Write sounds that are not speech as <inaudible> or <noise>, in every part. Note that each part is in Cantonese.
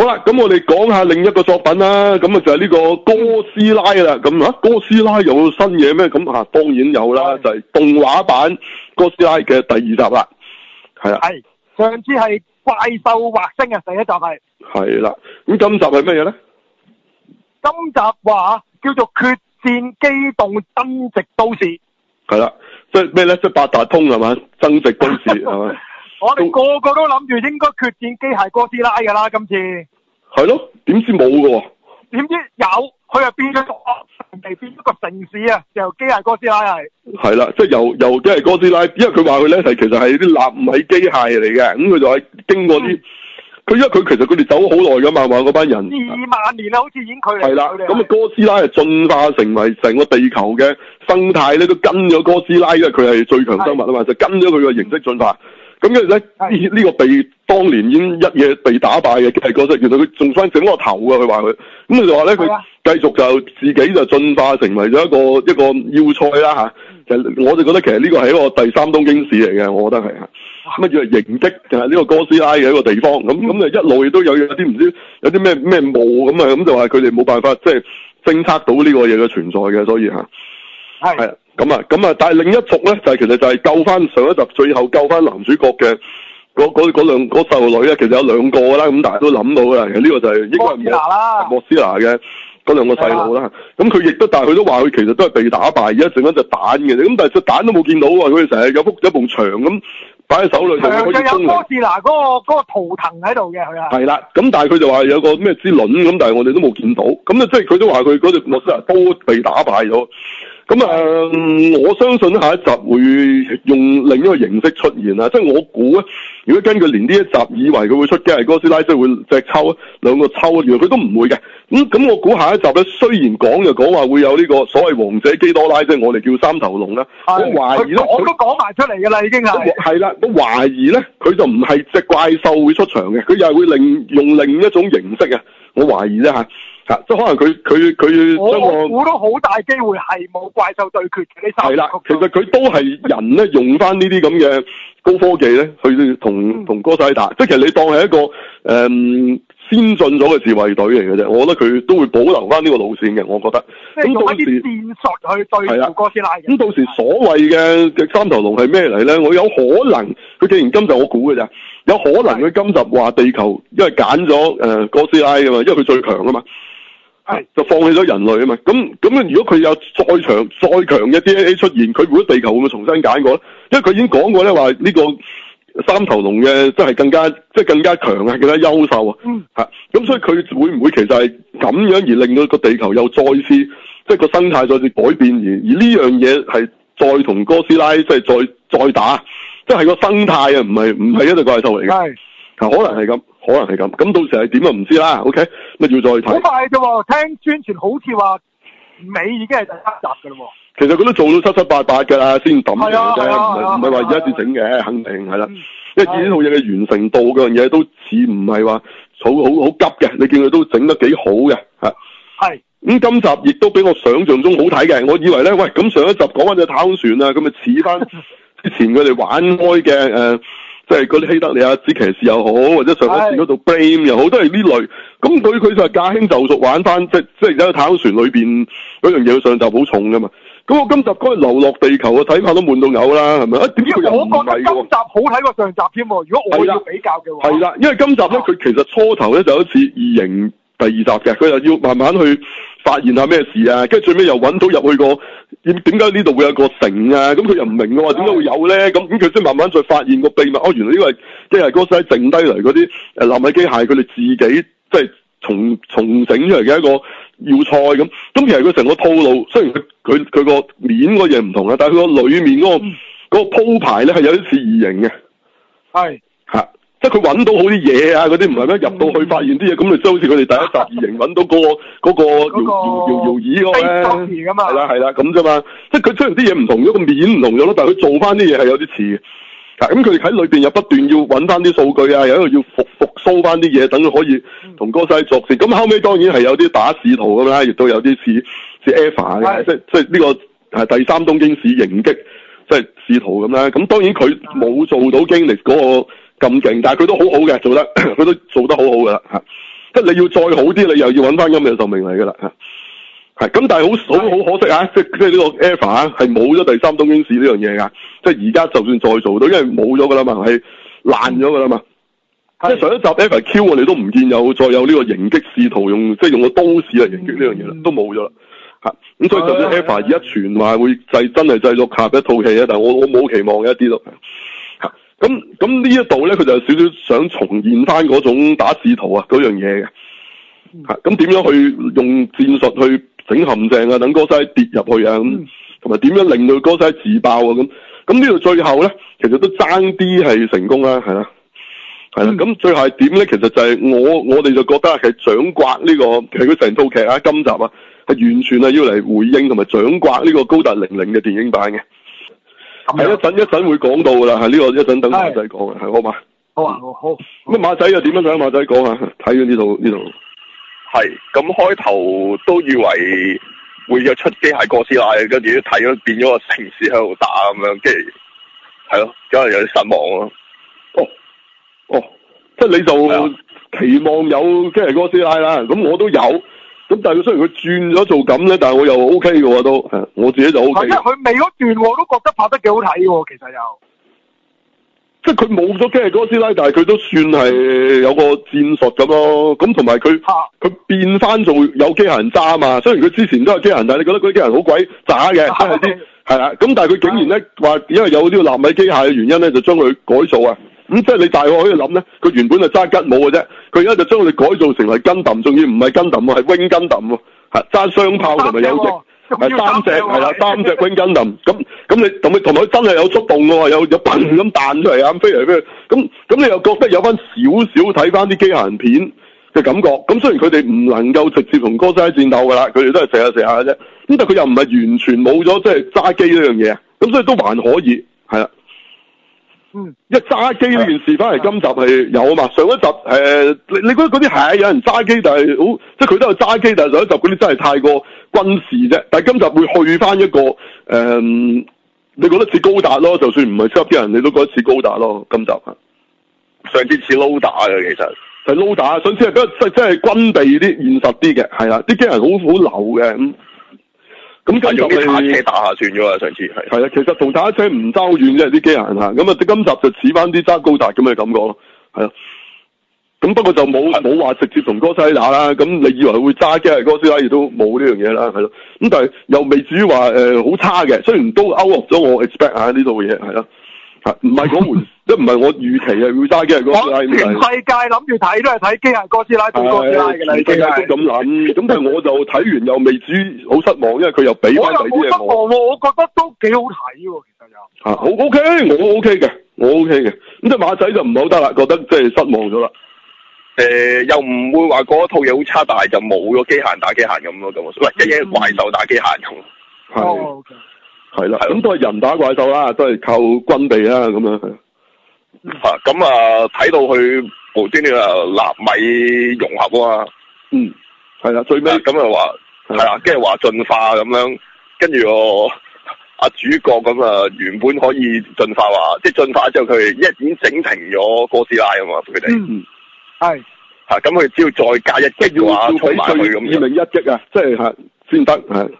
好啦，咁我哋講下另一個作品啦，咁啊就係呢個哥斯拉啦。咁啊，哥斯拉有新嘢咩？咁啊，當然有啦，的就係動畫版哥斯拉嘅第二集啦，係啊。係上次係怪獸惑星嘅第一集係。係啦，咁今集係咩嘢咧？今集話叫做決戰機動，就是、是是增殖都市。係啦，即係咩咧？即係八達通係咪？增值都市係咪？我哋個個都諗住應該決戰機械哥斯拉噶啦，今次係咯，點知冇嘅？點知有？佢又變咗個地，變咗個城市啊！由機械哥斯拉又係係啦，即係由由機械哥斯拉，因為佢話佢咧係其實係啲納米機械嚟嘅，咁、嗯、佢就係經過啲，佢、嗯、因為佢其實佢哋走咗好耐噶嘛，係嘛嗰班人二萬年啊，好似已經距離係啦，咁啊的哥斯拉係進化成為成個地球嘅生態咧，都跟咗哥斯拉，因為佢係最強生物啊嘛，的就跟咗佢個形式進化。咁跟住咧，呢個的個被當年已經一夜被打敗嘅，其係嗰得原來佢仲想整個頭㗎。佢話佢，咁佢就話咧，佢的繼續就自己就進化成為咗一個一個要塞啦吓。啊嗯、我就覺得其實呢個係一個第三東京市嚟嘅，我覺得係啊。咁啊哇，因為營就係、是、呢個哥斯拉嘅一個地方。咁咁一路亦都有有啲唔知有啲咩咩霧咁啊，咁就話佢哋冇辦法即係、就是、偵測到呢個嘢嘅存在嘅，所以吓係。的咁啊，咁啊，但係另一族咧，就係其實就係救翻上一集最後救翻男主角嘅嗰嗰嗰兩個細路女咧，其實有兩個啦，咁大家都諗到噶，其、這、呢個就係、是、應該係莫斯拿啦，莫斯拿嘅嗰兩個細路啦。咁佢亦都，但係佢都話佢其實都係被打敗，而家剩翻隻蛋嘅，咁但係隻蛋都冇見到啊，佢哋成日有幅有埲牆咁擺喺手裏頭可以有莫斯拿嗰個嗰個圖騰喺度嘅佢啊。係啦，咁但係佢就話有個咩之卵咁，但係我哋都冇見到。咁咧即係佢都話佢嗰隻莫斯拿都被打敗咗。咁啊、嗯，我相信下一集會用另一個形式出現啦。即係我估如果根據連呢一集以為佢會出嘅係哥斯拉，即係會隻抽啊，兩個抽啊，原來佢都唔會嘅。咁、嗯、咁我估下一集咧，雖然講就講話會有呢、這個所謂王者基多拉，即係我哋叫三頭龍啦，啊、我懷疑我說他都講埋出嚟噶啦，已經係係啦，我懷疑咧，佢就唔係隻怪獸會出場嘅，佢又會另用另一種形式啊，我懷疑呢。吓。即可能佢佢佢，我估都好大機會係冇怪獸對決嘅呢三頭龍。係啦，其實佢都係人咧，用翻呢啲咁嘅高科技咧，去同同哥斯拉打。即係其實你當係一個誒、嗯、先進咗嘅自衛隊嚟嘅啫。我覺得佢都會保留翻呢個路線嘅。我覺得咁到啲戰術去對抗哥斯拉。咁的到時所謂嘅三頭龍係咩嚟咧？我有可能佢既然今集我估嘅咋？有可能佢今集話地球因為揀咗誒哥斯拉㗎嘛，因為佢最強㗎嘛。是就放棄咗人類啊嘛，咁咁如果佢有再強再強嘅 DNA 出現，佢會唔會地球會唔會重新揀過咧？因為佢已經講過咧，話呢個三頭龍嘅即係更加即係更加強啊，更加優秀啊，咁、嗯、所以佢會唔會其實係咁樣而令到個地球又再次即係、就是、個生態再次改變而而呢樣嘢係再同哥斯拉即係再再打，即、就、係、是、個生態啊，唔係唔係一個怪獸嚟嘅是，可能係咁，可能係咁，咁到時係點就唔知啦，OK？乜要再睇？好快啫！聽宣傳好似話尾已經係第七集噶啦。其實佢都做到七七八八噶啦，先抌嘅。係係唔係話而家至整嘅，肯定係啦。啊、因為呢套嘢嘅完成度嗰樣嘢都似唔係話好好好急嘅，你見佢都整得幾好嘅，係。係是。咁今集亦都比我想象中好睇嘅。我以為咧，喂，咁上一集講緊、啊、隻太空船啦，咁啊似翻之前佢哋玩開嘅誒。即係嗰啲希德尼亞、子騎士又好，或者上一次嗰度 blame 又好，唉 都係呢類。咁佢佢就係駕輕就熟，玩翻即即係喺太空船裏邊嗰樣嘢，上集好重噶嘛。咁我今集居然流落地球，我睇下都悶到嘔啦，係咪？啊，點知，我覺得今集好睇過上集添。如果我要比較嘅話，係啦，因為今集咧，佢其實初頭咧就好似異形。第二集嘅，佢又要慢慢去發現下咩事啊，跟住最尾又揾到入去個點，點解呢度會有個城啊，咁佢又唔明嘅話，點解會有咧？咁咁佢先慢慢再發現個秘密，哦，原來呢個係即係機械哥斯拉剩低嚟嗰啲誒納米機械，佢哋自己即係重重整出嚟嘅一個要塞咁。咁其實佢成個套路，雖然佢佢佢個面嗰嘢唔同啊，但係佢個裏面嗰、嗰個嗰、嗯、個鋪排咧，係有啲似異形嘅。係。吓。即係佢揾到好啲嘢啊，嗰啲唔係咩入到去發現啲嘢，咁、嗯、就即係好似佢哋第一集二型揾到、那個嗰 <laughs> 個搖搖搖搖椅嗰個係啦係啦咁啫嘛。即係佢出現啲嘢唔同咗個、嗯、面唔同咗咯，但係佢做翻啲嘢係有啲似咁，佢哋喺裏邊又不斷要揾翻啲數據啊，又復復一度要復復蘇翻啲嘢，等佢可以同哥西作先。咁、嗯、後尾當然係有啲打使徒咁啦，亦都有啲似似 Eva 即係即係呢個係第三東京市迎擊即係使徒咁啦。咁當然佢冇做到經歷嗰個。咁勁，但係佢都好好嘅，做得佢都做得好好嘅啦嚇，即係你要再好啲，你又要搵翻咁嘅壽命嚟嘅啦嚇係咁，但係好好好可惜呀，即係即係呢個 Eva 啊，係冇咗第三東京市呢樣嘢㗎。即係而家就算再做到，因為冇咗㗎啦嘛，係爛咗㗎啦嘛。即係是的 上一集 Eva Q 我、啊、哋都唔見有再有呢個迎擊試圖用即係、就是、用個都市嚟迎擊呢樣嘢啦，嗯、都冇咗啦。咁所以就算 Eva 而家傳話會真係製作下一套戲啊，是的 但係我我冇期望嘅一啲都。咁咁呢一度咧，佢就有少少想重現翻嗰種打仕圖啊，嗰樣嘢，嘅吓咁點樣去用戰術去整陷阱啊，等哥仔跌入去啊，咁同埋點樣令到哥仔自爆啊，咁咁呢度最後咧，其實都爭啲係成功啦，啊，係啦，啊，係啦，啊，咁、嗯、最後係點咧，其實就係我我哋就覺得，其實掌摑呢、這個，其實佢成套劇啊，今集啊，係完全係要嚟回應同埋掌摑呢個高達零零嘅電影版嘅。係一陣一陣會講到噶啦，係呢個一陣等馬仔講嘅，係好嘛？好啊，好。咁馬仔又點樣睇馬仔講啊？睇咗呢度，呢度。係咁開頭都以為會有出機械哥斯拉，跟住睇咗變咗個城市喺度打咁樣，跟住，係咯，梗係有啲失望咯。哦哦，即係你就係嘅期望有機械哥斯拉啦？咁我都有。咁但係佢雖然佢轉咗做咁咧，但係我又 O K 嘅喎都，我自己就 O、OK、K。即係佢未嗰段，我都覺得拍得幾好睇喎。其實又即係佢冇咗機械哥斯拉，但係佢都算係有個戰術咁咯。咁同埋佢佢變翻做有機械人揸嘛。雖然佢之前都係機械人，但係你覺得嗰啲機械人好鬼渣嘅，真啲係啦。咁但係佢竟然咧話，的因為有啲納米機械嘅原因咧，就將佢改造啊。咁即係你大概可以諗咧，佢原本係揸吉姆嘅啫，佢而家就將佢哋改造成為跟揼，仲要唔係跟揼係 Wing 跟揼喎，揸雙炮同埋有隻、啊，係三隻，係啦隻，三隻,的三隻 Wing 跟揼， <laughs> 咁咁你同佢同佢真係有觸動喎，有有砰咁彈出嚟啊，飛嚟飛去，咁咁你又覺得有翻少少睇翻啲機械人片嘅感覺，咁雖然佢哋唔能夠直接同哥斯拉戰鬥嘅啦，佢哋都係射下射下嘅啫，咁但佢又唔係完全冇咗即係揸機呢樣嘢，咁所以都還可以，係啦。嗯，一揸機呢件事翻嚟，今集係有啊嘛。上一集誒、呃，你你覺得嗰啲係有人揸機，但係好即係佢都有揸機，但係上一集嗰啲真係太過軍事啫。但係今集會去翻一個誒、呃，你覺得似高達咯？就算唔係超啲人，你都覺得似高達咯？今集上次似 low 打嘅其實係撈打，上次係比較即係即係軍備啲現實啲嘅，係啦，啲機人好好流嘅咁。嗯咁梗係同打車打下算咗喎，上次係係啊，其實同打車唔爭好遠啫，啲機人啊，咁啊，今集就似翻啲揸高達咁嘅感覺咯，係啊，咁不過就冇冇話直接同哥斯拉啦，咁你以為會揸機器哥斯拉亦都冇呢樣嘢啦，係咯，咁但係又未至於話好、呃、差嘅，雖然都 out 咗我 expect 下呢度嘅嘢，係咯。唔係嗰門？即唔係我預期係會揸機嘅嗰個？全世界諗住睇都係睇機械哥斯拉對是哥斯拉嘅嚟嘅，咁咁諗。咁但係我就睇完又未至於好失望，因為佢又俾翻第啲嘢我。我又冇失望喎，我覺得都幾好睇喎，其實又。好、啊、OK，我 OK 嘅，我 OK 嘅。咁即係馬仔就唔好得啦，覺得即係失望咗啦。誒、呃，又唔會話嗰套嘢好差，但係就冇咗機械人打機械人咁咯，咁、嗯。喂，一啲怪獸打機械人。是 oh, okay. 係啦，係咁都係人打怪獸啦，都係靠軍備啦咁樣。啊，咁啊睇到佢無端端啊納米融合啊嘛。嗯。係啦，最尾咁又話係啦，跟住話進化咁樣，跟住阿主角咁啊原本可以進化話，即係進化之後佢一已經整停咗哥斯拉啊嘛，佢哋。嗯。係。吓咁佢只要再加一擊嘅話，衝埋去咁二零一擊啊，即係吓先得係。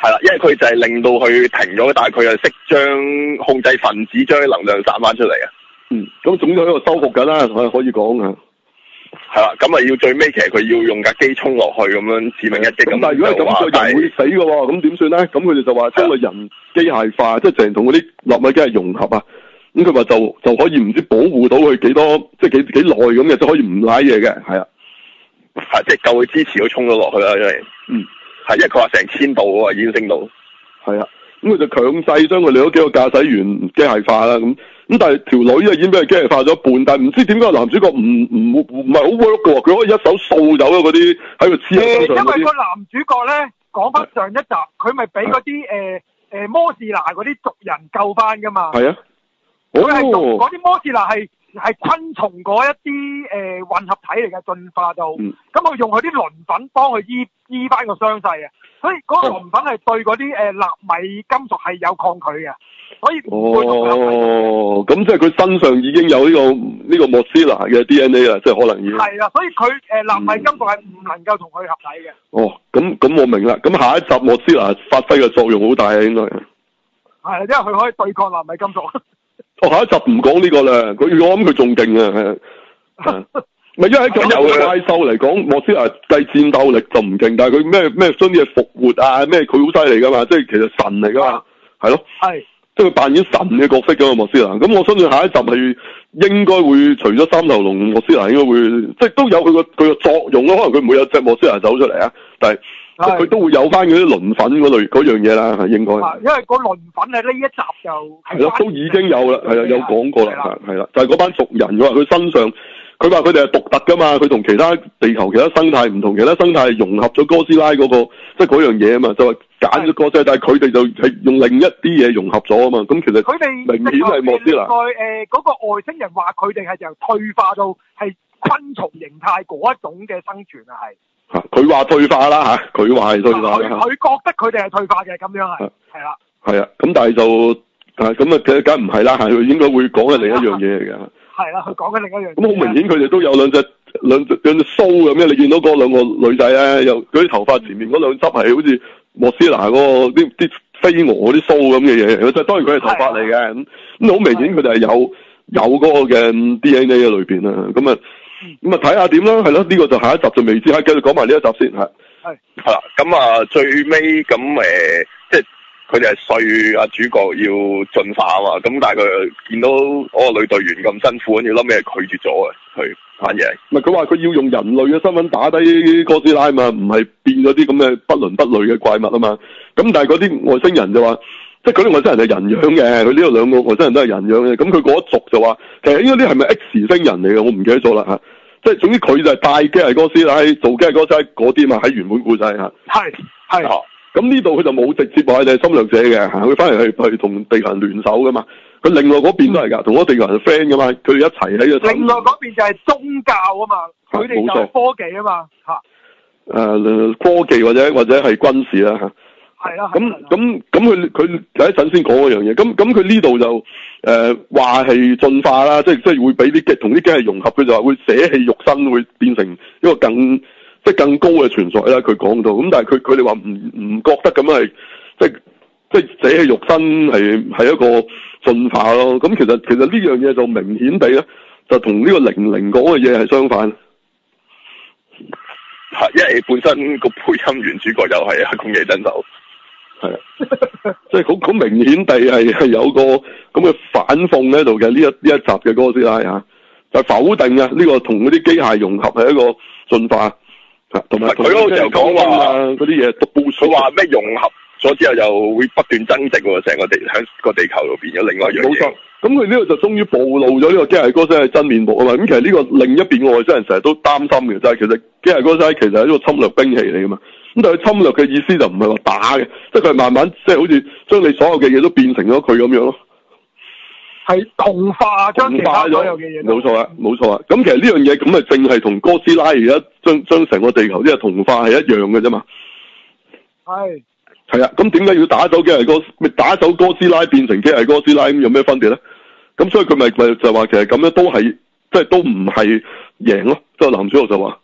係啦，因為佢就係令到佢停咗，但係佢又識將控制分子將啲能量散翻出嚟啊。嗯，咁總之喺度修復噶啦，可可以講噶。係啦，咁啊要最尾其實佢要用架機衝落去咁樣致命一擊咁。但係如果咁佢就唔說會死噶，咁點算咧？咁佢哋就話將個人機械化，的即係成同嗰啲納米機係融合啊。咁佢話就就可以唔知保護到佢幾多，即係幾幾耐咁嘅，就可以唔拉嘢嘅，係啊，係即係夠佢支持佢衝咗落去啦，因為。嗯。係，因為佢話成千度喎，啊、已經升到。係啊，咁佢就強制將佢哋嗰幾個駕駛員機械化啦，咁咁但係條女啊，已經俾佢機械化咗半，但係唔知點解男主角唔唔唔係好 work 嘅喎，佢可以一手掃走嗰啲喺度黐。因為個男主角咧，講翻上一集，佢咪俾嗰啲誒誒摩士拿嗰啲族人救翻噶嘛？係啊，佢係同嗰啲摩士拿係。係昆蟲嗰一啲誒、呃、混合體嚟嘅進化到，咁佢、嗯、用佢啲鱗粉幫佢醫醫翻個傷勢啊！所以嗰鱗粉係對嗰啲誒納米金屬係有抗拒嘅，所以唔會同佢哦，咁即係佢身上已經有呢、這個呢、這個莫斯拿嘅 D N A 啦，即係可能已經。係啊，所以佢誒、呃、納米金屬係唔能夠同佢合體嘅、嗯。哦，咁咁我明啦，咁下一集莫斯拿發揮嘅作用好大啊，應該係。係，因為佢可以對抗納米金屬。我、哦、下一集唔講呢個啦，佢我諗咁佢仲勁啊，係咪？ <laughs> 因為喺一個怪獸嚟講，摩斯拉計戰鬥力就唔勁，但係佢咩咩將啲嘢復活啊，咩佢好犀利噶嘛，即係其實神嚟噶嘛，係咯，係的，即係佢扮演神嘅角色噶嘛，摩斯拉。咁我相信下一集係應該會除咗三頭龍，摩斯拉應該會即係都有佢個佢個作用咯。可能佢唔會有隻摩斯拉走出嚟啊，但係。佢佢是都會有翻嗰啲鱗粉嗰類嗰樣嘢啦，應該。因為個鱗粉係呢一集就係都已經有啦，係啦的，的有講過啦，係啦，就係嗰班族人佢話佢身上，佢話佢哋係獨特㗎嘛，佢同其他地球其他生態唔同，其他生態融合咗哥斯拉嗰、那個，即係嗰樣嘢嘛，就係揀咗哥斯拉，的但係佢哋就係用另一啲嘢融合咗啊嘛，咁其實佢哋明顯係的莫斯拉，誒嗰、呃那個外星人話佢哋係就退化到係昆蟲形態嗰一種嘅生存啊，係。吓，佢話退化啦吓，佢話係退化嘅，佢覺得佢哋係退化嘅，咁樣係，係啦，係啊，咁但係就咁啊，佢梗唔係啦，佢應該會講嘅另一樣嘢嚟嘅，係啦，佢講嘅另一樣，咁好明顯佢哋都有兩隻兩兩隻鬚咁樣，show, 你見到嗰兩個女仔咧，又佢頭髮前面嗰兩執係好似莫斯拿嗰個啲啲飛蛾嗰啲鬚咁嘅嘢，就當然佢係頭髮嚟嘅，咁咁好明顯佢哋係有的有嗰個嘅 DNA 喺裏邊咁啊。咁啊，睇下點啦，係咯？呢個就下一集就未知。係繼續講埋呢一集先，係係係啦。咁啊，最尾咁誒，即係佢哋係隨啊，主角要進化啊嘛。咁但係佢見到嗰個女隊員咁辛苦，跟住諗嘢拒絕咗啊，佢反嘢。唔係佢話佢要用人類嘅身份打低哥斯拉嘛？唔係變咗啲咁嘅不倫不類嘅怪物啊嘛？咁但係嗰啲外星人就話。即係嗰啲外星人係人樣嘅，佢呢度兩個外星人都係人樣嘅，咁佢嗰一族就話其實應該啲係咪 X 星人嚟嘅？我唔記得咗啦吓，即係總之佢就係帶機械哥斯拉做機械哥斯拉嗰啲嘛，喺原本故仔。吓。係係，咁呢度佢就冇直接話係侵略者嘅，佢翻嚟去去同地球人聯手噶嘛，佢另外嗰邊都係噶，同咗、嗯、地球人 friend 噶嘛，佢哋一齊喺度。另外嗰邊就係宗教啊嘛，佢哋就科技啊嘛，吓、啊。誒，科、啊、技或者或者係軍事啦、啊、吓。係啦，咁咁咁佢佢第一陣先講嗰樣嘢，咁咁佢呢度就誒話係進化啦，即係即係會俾啲機同啲雞係融合，佢就話會捨棄肉身，會變成一個更即係更高嘅存在啦。佢講到，咁但係佢佢哋話唔唔覺得咁係即係即係捨棄肉身係係一個進化咯。咁其實其實呢樣嘢就明顯地咧，就同呢個零零講嘅嘢係相反。吓，啊，因為本身個配音員主角又係黑宮野真守。係啊，即係好好明顯地係係有個咁嘅反諷喺度嘅，呢一呢一集嘅哥斯拉吓，就否定啊呢個同嗰啲機械，融合係一個進化，同埋佢好似又講話嗰啲嘢，佢話咩融合咗、啊、之後又會不斷增值喎，成個地響個地球入變咗另外一樣嘢冇錯，咁佢呢個就終於暴露咗呢個機械哥斯拉真面目啊嘛。咁其實呢個另一邊外星人成日都擔心嘅就係其實機械哥斯拉其實係一個侵略兵器嚟噶嘛。咁但係侵略嘅意思就唔係話打嘅，即係佢係慢慢，即係好似將你所有嘅嘢都變成咗佢咁樣咯。係同化咗其他所有嘅嘢。冇錯呀，冇錯啦。咁其實呢樣嘢咁咪淨係同哥斯拉而家將將成個地球即係同化係一樣嘅啫嘛。係是。係啊，咁點解要打走機械哥斯拉？打走哥斯拉變成機械哥斯拉咁有咩分別咧？咁所以佢咪咪就話其實咁樣都係，即係都唔係贏咯。即係林小玉就話、是。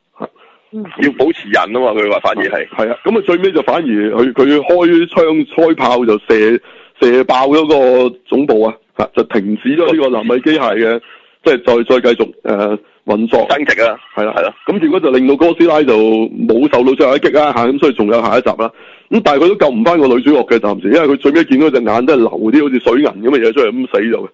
嗯、要保持人啊嘛，佢話反而係係、嗯、啊、咁、嗯、啊最尾就反而佢佢開槍開炮就射射爆咗個總部啊，吓、啊、就停止咗呢個納米機械嘅，嗯、即係再再繼續誒、呃、運作增殖啊，係啦係啦，咁結果就令到哥斯拉就冇受到最後一擊啊吓，咁所以仲有下一集啦、啊。咁但係佢都救唔翻個女主角嘅暫時，因為佢最尾見到隻眼都係流啲好似水銀咁嘅嘢出嚟，咁死咗嘅。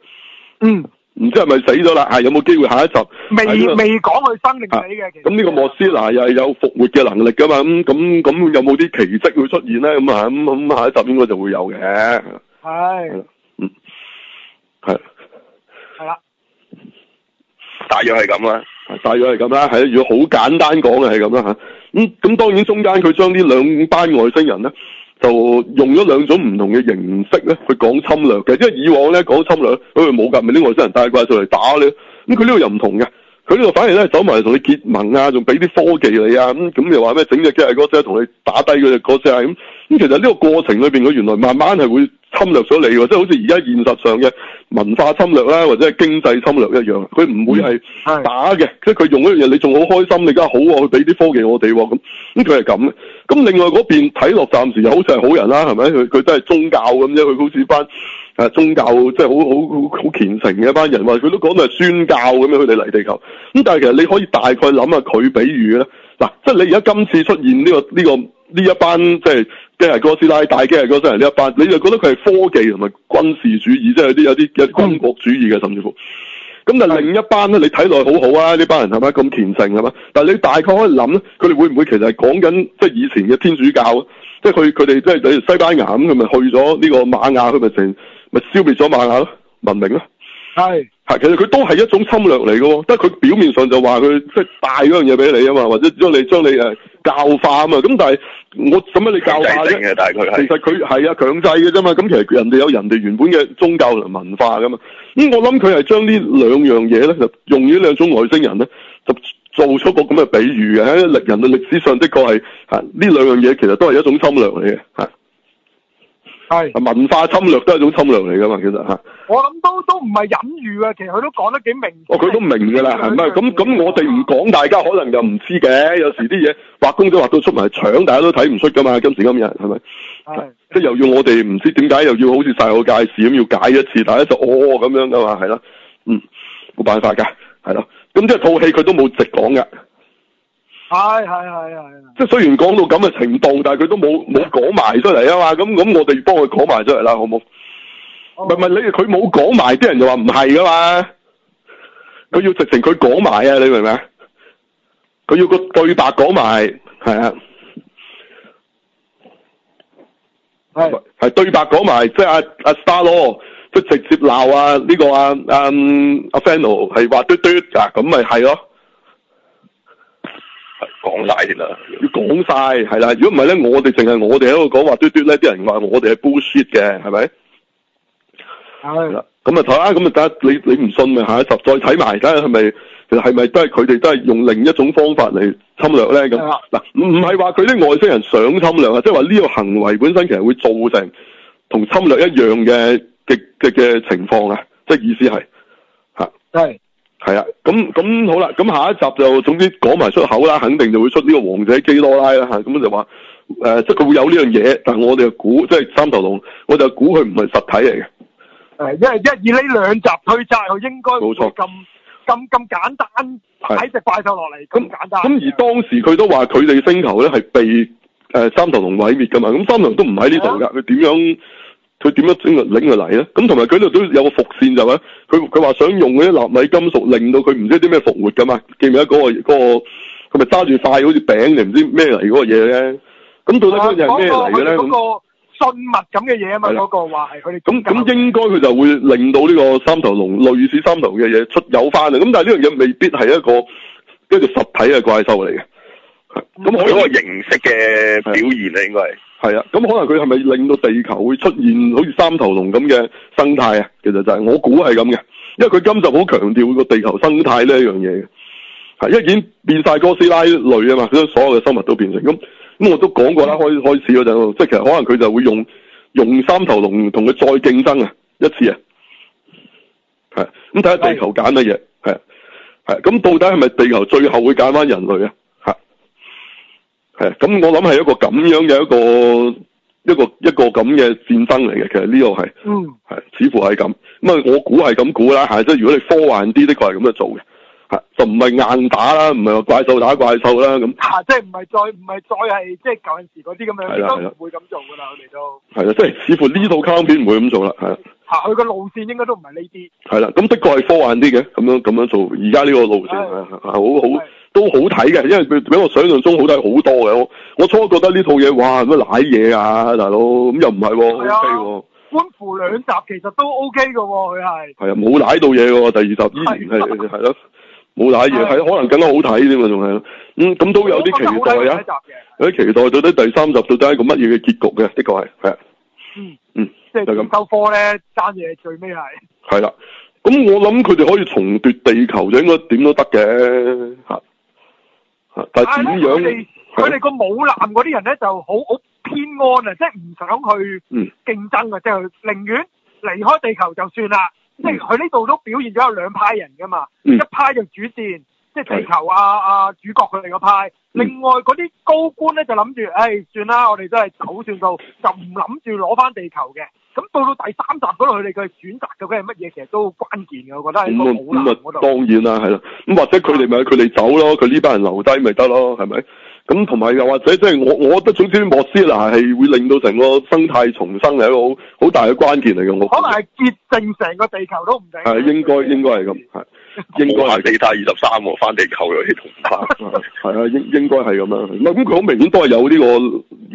嗯。唔知係咪死咗啦？係有冇機會下一集？未未講佢生定死嘅。咁呢個莫斯拉又係有復活嘅能力噶嘛？咁咁咁有冇啲奇蹟會出現咧？咁啊咁咁下一集應該就會有嘅。係。係係。係啦。大約係咁啦。大約係咁啦。係如果好簡單講嘅係咁啦吓。咁咁當然中間佢將呢兩班外星人咧。就用咗兩種唔同嘅形式咧去講侵略嘅，因為以往咧講侵略，佢冇㗎，咪啲外星人帶怪獸嚟打你，咁佢呢度又唔同嘅，佢呢度反而咧走埋嚟同你結盟啊，仲俾啲科技你啊，咁咁又話咩整隻機械哥仔同你打低佢隻哥仔咁，咁其實呢個過程裏面，佢原來慢慢係會侵略咗你喎，即係好似而家現實上嘅文化侵略啦，或者係經濟侵略一樣。佢唔會係打嘅，嗯、即係佢用一樣嘢，你仲好開心，你而家好喎，佢俾啲科技我哋喎咁。咁佢係咁嘅。咁另外嗰邊睇落，暫時又好似係好人啦，係咪？佢佢真係宗教咁啫。佢好似班誒宗教，即係好好好虔誠嘅一班人話，佢都講到係宣教咁樣。佢哋嚟地球咁，但係其實你可以大概諗下佢比喻咧嗱，即係你而家今次出現呢個呢個呢一班即係。就是嘅係哥斯拉，大嘅係哥斯拉呢一班，你就覺得佢係科技同埋軍事主義，即係有啲有啲有啲軍國主義嘅，甚至乎。咁但係另一班咧，是的 你睇落去好好啊，呢是的 班人係咪咁虔誠係嘛？但係你大概可以諗咧，佢哋會唔會其實係講緊即係以前嘅天主教，即係佢佢哋即係西班牙咁，佢咪去咗呢個瑪雅，佢咪成咪消滅咗瑪雅咯，文明咯。係係，其實佢都係一種侵略嚟嘅喎，即係佢表面上就話佢即係帶嗰樣嘢俾你啊嘛，或者將你將你誒教化啊嘛，咁但係。我咁樣你教下咧，其實佢係啊強制嘅啫嘛，咁其實人哋有人哋原本嘅宗教文化噶嘛，咁我諗佢係將呢兩樣嘢咧，就用呢兩種外星人咧，就做出一個咁嘅比喻嘅，人類歷史上的確係啊呢兩樣嘢其實都係一種侵略嚟嘅吓。係，是文化侵略都係一種侵略嚟㗎嘛，其實吓，我諗都都唔係隱喻啊。其實佢都講得幾明。哦，佢都明㗎啦，係咪？咁咁，我哋唔講，大家可能又唔知嘅。 <laughs> 有時啲嘢畫公仔都畫到出埋腸，大家都睇唔出㗎嘛。今時今日係咪？即係又要我哋唔知點解又要好似曬我介紹咁要解一次，大家就哦咁樣㗎嘛，係咯，嗯，冇辦法㗎，係咯，咁即係套戲佢都冇直講㗎。係係係係，即係雖然講到咁嘅程度，但係佢都冇冇講埋出嚟啊嘛，咁咁我哋幫佢講埋出嚟啦，好唔好？唔係係，你佢冇講埋，啲人就話唔係噶嘛，佢要直情佢講埋啊，你明唔明啊？佢要個對白講埋，係啊，係係是對白講埋，即係阿阿 Star 咯，即係直接鬧啊呢、呢個啊阿 Fenno 係話嘟嘟啊，咁咪係咯。講晒啦，要講晒係啦。如果唔係咧，我哋淨係我哋喺度講話嘟嘟咧，啲人話我哋係 bullshit 嘅，係咪？係啦。咁啊睇下，咁啊得。你你唔信咪下一集再睇埋，睇下係咪其實係咪都係佢哋都係用另一種方法嚟侵略咧咁。嗱，唔係話佢啲外星人想侵略啊，即係話呢個行為本身其實會造成同侵略一樣嘅極極嘅情況啊。即係意思係吓。係。係啊，咁咁好啦，咁下一集就總之講埋出口啦，肯定就會出呢個王者基多拉啦咁、啊、就話誒、呃，即佢會有呢樣嘢，但我哋估即係三頭龍，我就估佢唔係實體嚟嘅。因為一以呢兩集推測，佢應該冇錯咁咁咁簡單睇隻怪獸落嚟，咁唔簡單。咁、啊、而當時佢都話佢哋星球咧係被誒、呃、三頭龍毀滅㗎嘛，咁三頭龍都唔喺呢度㗎，佢點、啊、樣？佢點樣整個拎個嚟咧？咁同埋佢度都有個伏線就係，佢佢話想用嗰啲納米金屬令到佢唔知啲咩復活噶嘛？記唔記得嗰、嗰個嗰、嗰個佢咪揸住塊好似餅定唔知咩嚟嗰個嘢咧？咁到底嗰個係咩嚟嘅咧？啊嗰個、個信物咁嘅嘢啊嘛，嗰個話係佢哋咁，應該佢就會令到呢個三頭龍類似三頭嘅嘢出有翻嚟。咁但係呢樣嘢未必係一個跟住、嗰個、實體嘅怪獸嚟嘅。咁佢能個形式嘅表現咧，應該係係啊，咁、啊嗯、可能佢係咪令到地球會出現好似三頭龍咁嘅生態啊？其實就係、是、我估係咁嘅，因為佢今集好強調個地球生態呢一樣嘢嘅，係因為已經變晒哥斯拉類啊嘛，將所有嘅生物都變成咁，咁我都講過啦，開、嗯、開始嗰陣，即係其實可能佢就會用用三頭龍同佢再競爭啊一次啊，係咁睇下地球揀乜嘢，係係咁到底係咪地球最後會揀翻人類啊？咁我諗係一個咁樣嘅一個一個一個咁嘅戰爭嚟嘅，其實呢個係，係似乎係咁。咁啊，我估係咁估啦，係即係如果你科幻啲，的確係咁樣做嘅，就唔係硬打啦，唔係話怪獸打怪獸啦咁。吓，即係唔係再唔係再係即係舊陣時嗰啲咁樣，你啦唔會咁做噶啦，我哋都係啦，即係似乎呢套卡通片唔會咁做啦，係吓，佢個路線應該都唔係呢啲。係啦，咁的確係科幻啲嘅，咁樣咁樣做，而家呢個路線係好好。都好睇嘅，因為佢比我想象中好睇好多嘅。我初覺得呢套嘢，哇，係乜瀨嘢啊，大佬咁又唔係，O K。官符兩集其實都 O K 噶，佢係。係啊，冇奶到嘢噶，第二集依然係係咯，冇瀨嘢，係可能更加好睇添嘛。仲係咁咁都有啲期待啊。有啲期待，到底第三集到底係一個乜嘢嘅結局嘅？的確係係。嗯，即係就咁收科咧爭嘢，最尾係。係啦，咁我諗佢哋可以重奪地球就應該點都得嘅吓。但係佢哋佢哋個母艦嗰啲人咧就好好偏安啊，即係唔想去競爭啊，嗯、就寧願離開地球就算啦。嗯、即係佢呢度都表現咗有兩派人㗎嘛，嗯、一派就主戰。即係地球啊是啊！主角佢哋個派，另外嗰啲高官咧就諗住，唉、嗯哎，算啦，我哋都係走算數，就唔諗住攞翻地球嘅。咁到到第三集嗰度，佢哋嘅選擇究竟係乜嘢，其實都好關鍵嘅，我覺得。係、嗯。咁、嗯嗯、當然啦，係啦。咁、嗯、或者佢哋咪佢哋走咯，佢呢班人留低咪得咯，係咪？咁同埋又或者即係我，我覺得總之莫斯拉係會令到成個生態重生係一個好大嘅關鍵嚟嘅。我覺得。可能係潔淨成個地球都唔定。應該應該係咁。應該係 Megazone 23喎，翻地球有啲同化，係啊，應應該係咁啊。咁佢好明顯都係有呢個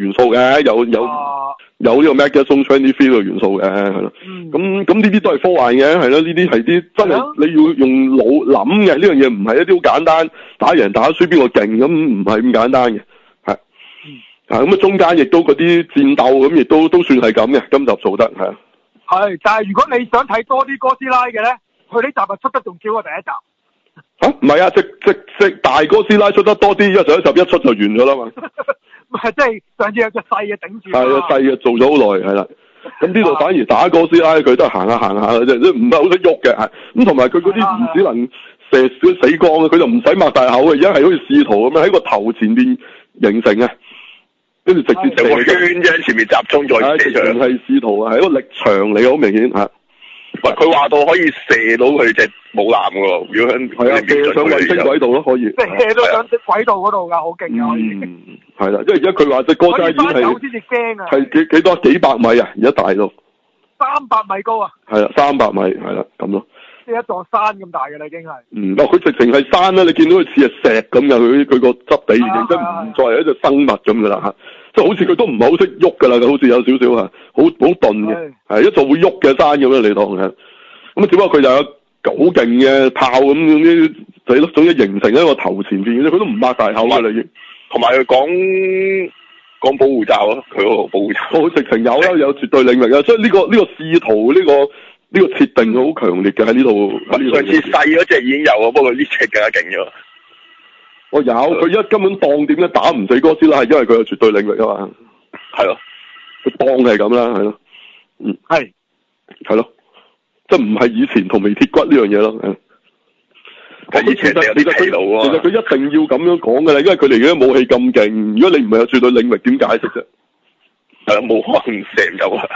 元素嘅，有有、啊、有呢個 Megazone 23嘅元素嘅，係咯。咁咁呢啲都係科幻嘅，係咯。呢啲係啲真係的你要用腦諗嘅，呢樣嘢唔係一啲好簡單，打贏打輸邊個勁咁唔係咁簡單嘅，係啊。咁啊、嗯，中間亦都嗰啲戰鬥咁亦都都算係咁嘅，今集做得係啊。但係如果你想睇多啲哥斯拉嘅咧？佢呢集咪出得仲少過第一集？唔係啊，即即即大哥斯拉出得多啲，因為上一集一出就完咗啦嘛。唔係， <laughs> 即係上次有個細嘅頂住。係啊，細嘅做咗好耐，係啦、啊。咁呢度反而打哥斯拉佢都行下行下，即係唔係好識喐嘅。咁同埋佢嗰啲唔只能射死光嘅，佢就唔使擘大口嘅，而家係好似視圖咁樣喺個頭前邊形成啊。跟住直接射。個、啊、圈啫，前面集中在。係、啊，全係視圖，係一個力場嚟，好明顯吓。喂佢話到可以射到佢隻母艦喎，如果喺佢射上衛星軌道咯，可以。即係射到上軌道嗰度㗎，好勁啊！係啦，因為而家佢話隻哥斯拉啊，係幾幾多？幾百米啊？而家大到。三百米高啊！係啦、啊，三百米係啦，咁、啊、咯。即係一座山咁大㗎啦，已經係。嗯，佢、哦、直情係山啦，你見到佢似係石咁嘅，佢佢個質地已經、啊啊、即係唔再係一隻生物咁㗎啦嚇。好似佢都唔係好識喐噶啦，佢好似有少少吓，好好鈍嘅，係一座會喐嘅山咁樣嚟講嘅。咁啊，只不過佢就有好勁嘅炮咁仔就總之形成一個頭前邊，佢都唔擘大口啦。同埋佢講講保護罩咯，佢個保護罩，我直情有啦，是有絕對領域嘅。所以呢個呢個仕途呢個呢個設定好強烈嘅喺呢度。上次細嗰隻已經有，不過呢隻更加勁咗。我有佢吧一根本當點嘅打唔死哥斯拉係，因為佢有絕對領域啊嘛，係咯，佢當係咁啦，係咯，嗯，係，係咯，即係唔係以前同未鐵骨呢樣嘢咯，咁其實其實佢一定要咁樣講噶啦，因為佢而家武器咁勁，如果你唔係有絕對領域點解釋啫，係啊，冇可能射入啊，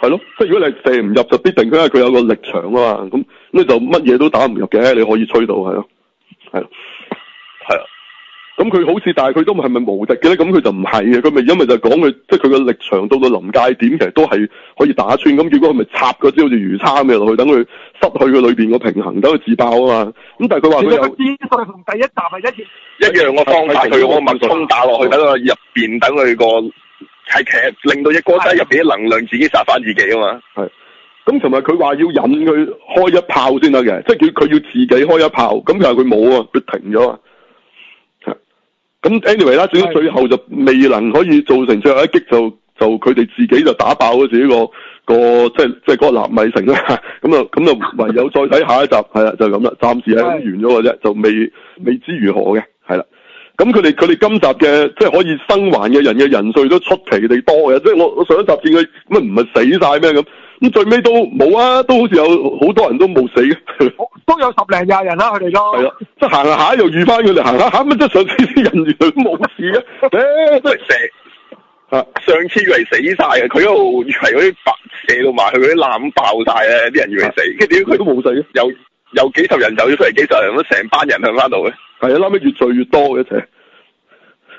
係咯，即係如果你射唔入就必定佢係佢有個力場啊嘛，咁呢就乜嘢都打唔入嘅，你可以吹到係咯，係。係啊，咁佢、嗯、好似，但係佢都係咪無敵嘅咧？咁佢就唔係嘅，佢咪因為就講佢，即係佢嘅力場到到臨界點，其實都係可以打穿咁。結果佢咪插嗰支好似魚叉咁嘅落去，等佢失去佢裏邊個平衡，等佢自爆啊嘛？咁但係佢話佢解佢知同第一集係一、啊、一樣一樣個方法，佢、啊就是啊、個物衝打落去，等佢入邊，等佢個係其實令到一鍋仔入邊嘅能量自己殺翻自己啊嘛？係咁同埋佢話要引佢開一炮先得嘅，即係佢佢要自己開一炮，咁但係佢冇啊，佢停咗啊。咁 anyway 啦，最最後就未能可以造成最後一擊，就就佢哋自己就打爆咗自己個個即係即係嗰個納米城啦。咁啊咁啊，就唯有再睇下一集，係啦， <laughs> 就咁啦，暫時係咁完咗嘅啫，就未未知如何嘅，係啦。咁佢哋佢哋今集嘅即係可以生還嘅人嘅人數都出奇地多嘅，即係我上一集見佢乜唔係死晒咩咁？咁最尾都冇啊，都好似有好多人都冇死嘅，都有十零廿人啦佢哋咯。係啊的，即行下又遇翻佢哋行下下，咁即上次啲人員都冇事嘅，誒都係射啊！上次以為死曬啊，佢一路以為嗰啲白射到埋去嗰啲攬爆曬咧，啲人以為死，跟住點解佢都冇死嘅？有有的由幾十人走咗出嚟，幾十人咁，成班人向翻度嘅，係啊，拉尾越聚越多嘅成。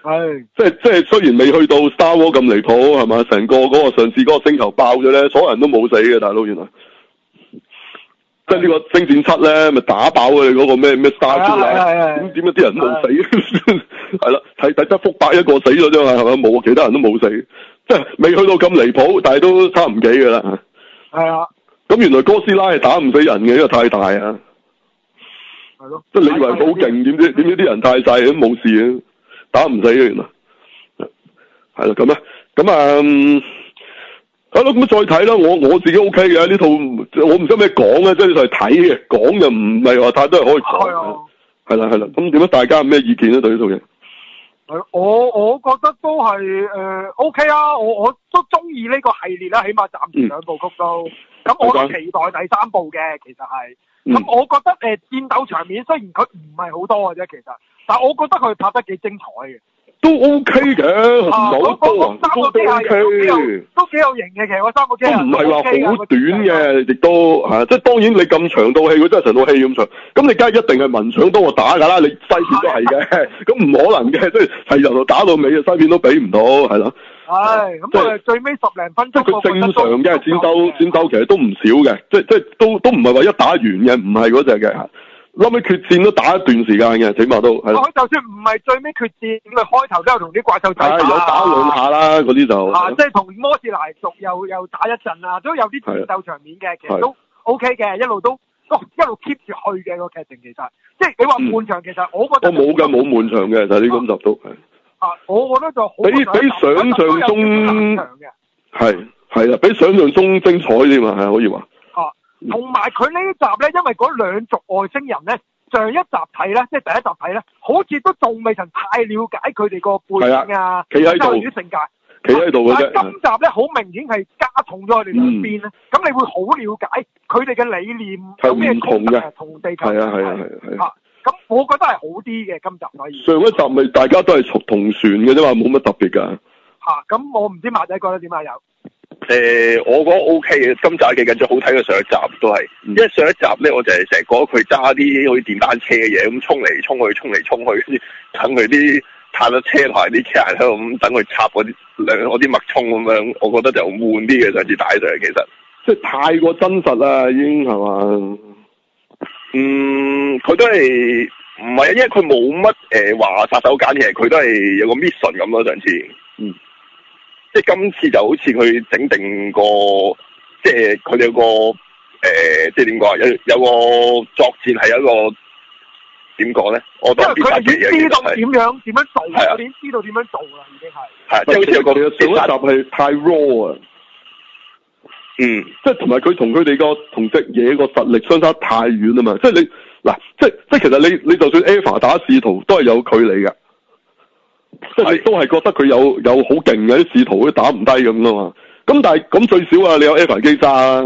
係，即係即係，雖然未去到《Star War》咁離譜，係嘛？成個嗰個上次嗰個星球爆咗咧，所有人都冇死嘅，大佬原來。即係呢個《星戰七》咧，咪打爆佢嗰個咩咩 Star？係係係。咁點解啲人都冇死？係啦，睇睇得福伯一個死咗啫嘛，係咪？冇其他人都冇死，即係未去到咁離譜，但係都差唔幾噶啦。係啊。咁原來哥斯拉係打唔死人嘅，因為太大啊。係咯。即係你以為佢好勁，點知點知啲人太細都冇事啊？打唔死佢嘛。係喇。咁啊，咁啊，好啦，咁、嗯、再睇啦。我我自己 OK 嘅呢套，我唔知咩講嘅，即係呢套係睇嘅，講又唔係話太多人可以講。係啊的，係啦係啦。咁點解大家有咩意見咧？對呢套嘢？係我我覺得都係誒、呃、OK 啊。我我都中意呢個系列啦，起碼暫時兩部曲都咁，嗯、我期待第三部嘅，其實係咁，嗯、我覺得誒、呃、戰鬥場面雖然佢唔係好多嘅啫，其實。但我覺得佢拍得幾精彩嘅，都 OK 嘅，唔好講。三個機械人都幾有型嘅，其實我三個機械人都唔係話好短嘅，亦都嚇。即係當然你咁長套戲，佢真係成套戲咁長，咁你梗係一定係文場多過打㗎啦。你西片都係嘅，咁唔可能嘅，即係係由頭打到尾嘅西片都俾唔到，係啦。係，咁啊最尾十零分鐘。佢正常嘅戰鬥，戰鬥其實都唔少嘅，即係即係都都唔係話一打完嘅，唔係嗰隻嘅。後尾決戰都打一段時間嘅，起碼都係、啊、就算唔係最尾決戰，咁佢開頭都有同啲怪獸仔打有打兩下啦，嗰啲就。啊，即係同摩斯拉族又又打一陣啊，都有啲戰鬥場面嘅，的其實都 OK 嘅，一路都、哦、一路 keep 住去嘅、那個劇情，其實即係、就是、你話半場，嗯、其實我覺得我冇㗎，冇半場嘅就係呢集。都啊，我覺得就好。比比想象中係係啊，比想象中,中精彩啲嘛，係可以話。同埋佢呢集咧，因為嗰兩族外星人咧，上一集睇咧，即係第一集睇咧，好似都仲未曾太了解佢哋個背景啊，企喺度啲性格，企喺度嘅。今集咧好明顯係加重咗佢哋兩邊咧，咁、嗯、你會好了解佢哋嘅理念有咩窮嘅，同地球係啊係啊係啊。咁我覺得係好啲嘅今集可以。上一集咪大家都係同船嘅啫嘛，冇乜特別噶。吓、啊、咁、嗯、我唔知馬仔覺得點啊有。誒、呃，我覺得 O K 嘅，今集嘅緊張好睇嘅上一集都係，嗯、因為上一集咧，我就係成日覺得佢揸啲好似電單車嘅嘢咁衝嚟衝去衝嚟衝去，等佢啲擦咗車台啲人喺度，咁等佢插嗰啲兩嗰啲脈衝咁樣，我覺得就悶啲嘅上次睇上，其實即係太過真實啦，已經係嘛？嗯，佢都係唔係啊，因為佢冇乜誒話殺手鐧嘅，佢都係有個 mission 咁咯，上次嗯。即係今次就好似佢整定個，呃、即係佢哋有個即係點講呀？有，有個作戰係有一個點講呢？我都因為佢已經知道點樣點樣做，佢、啊、已經知道點樣做啦，已經係即係好似我覺得，結集係太 raw 啊！嗯，即係同埋佢同佢哋個同隻嘢個實力相差太遠啊嘛！即、就、係、是、你嗱，即係、就是就是、其實你，你就算 Alpha、e、打使徒都係有距離㗎。即係是都係覺得佢有有好勁嘅啲試圖都打唔低咁噶嘛，咁但係咁最少啊，你有 F1 機揸啊，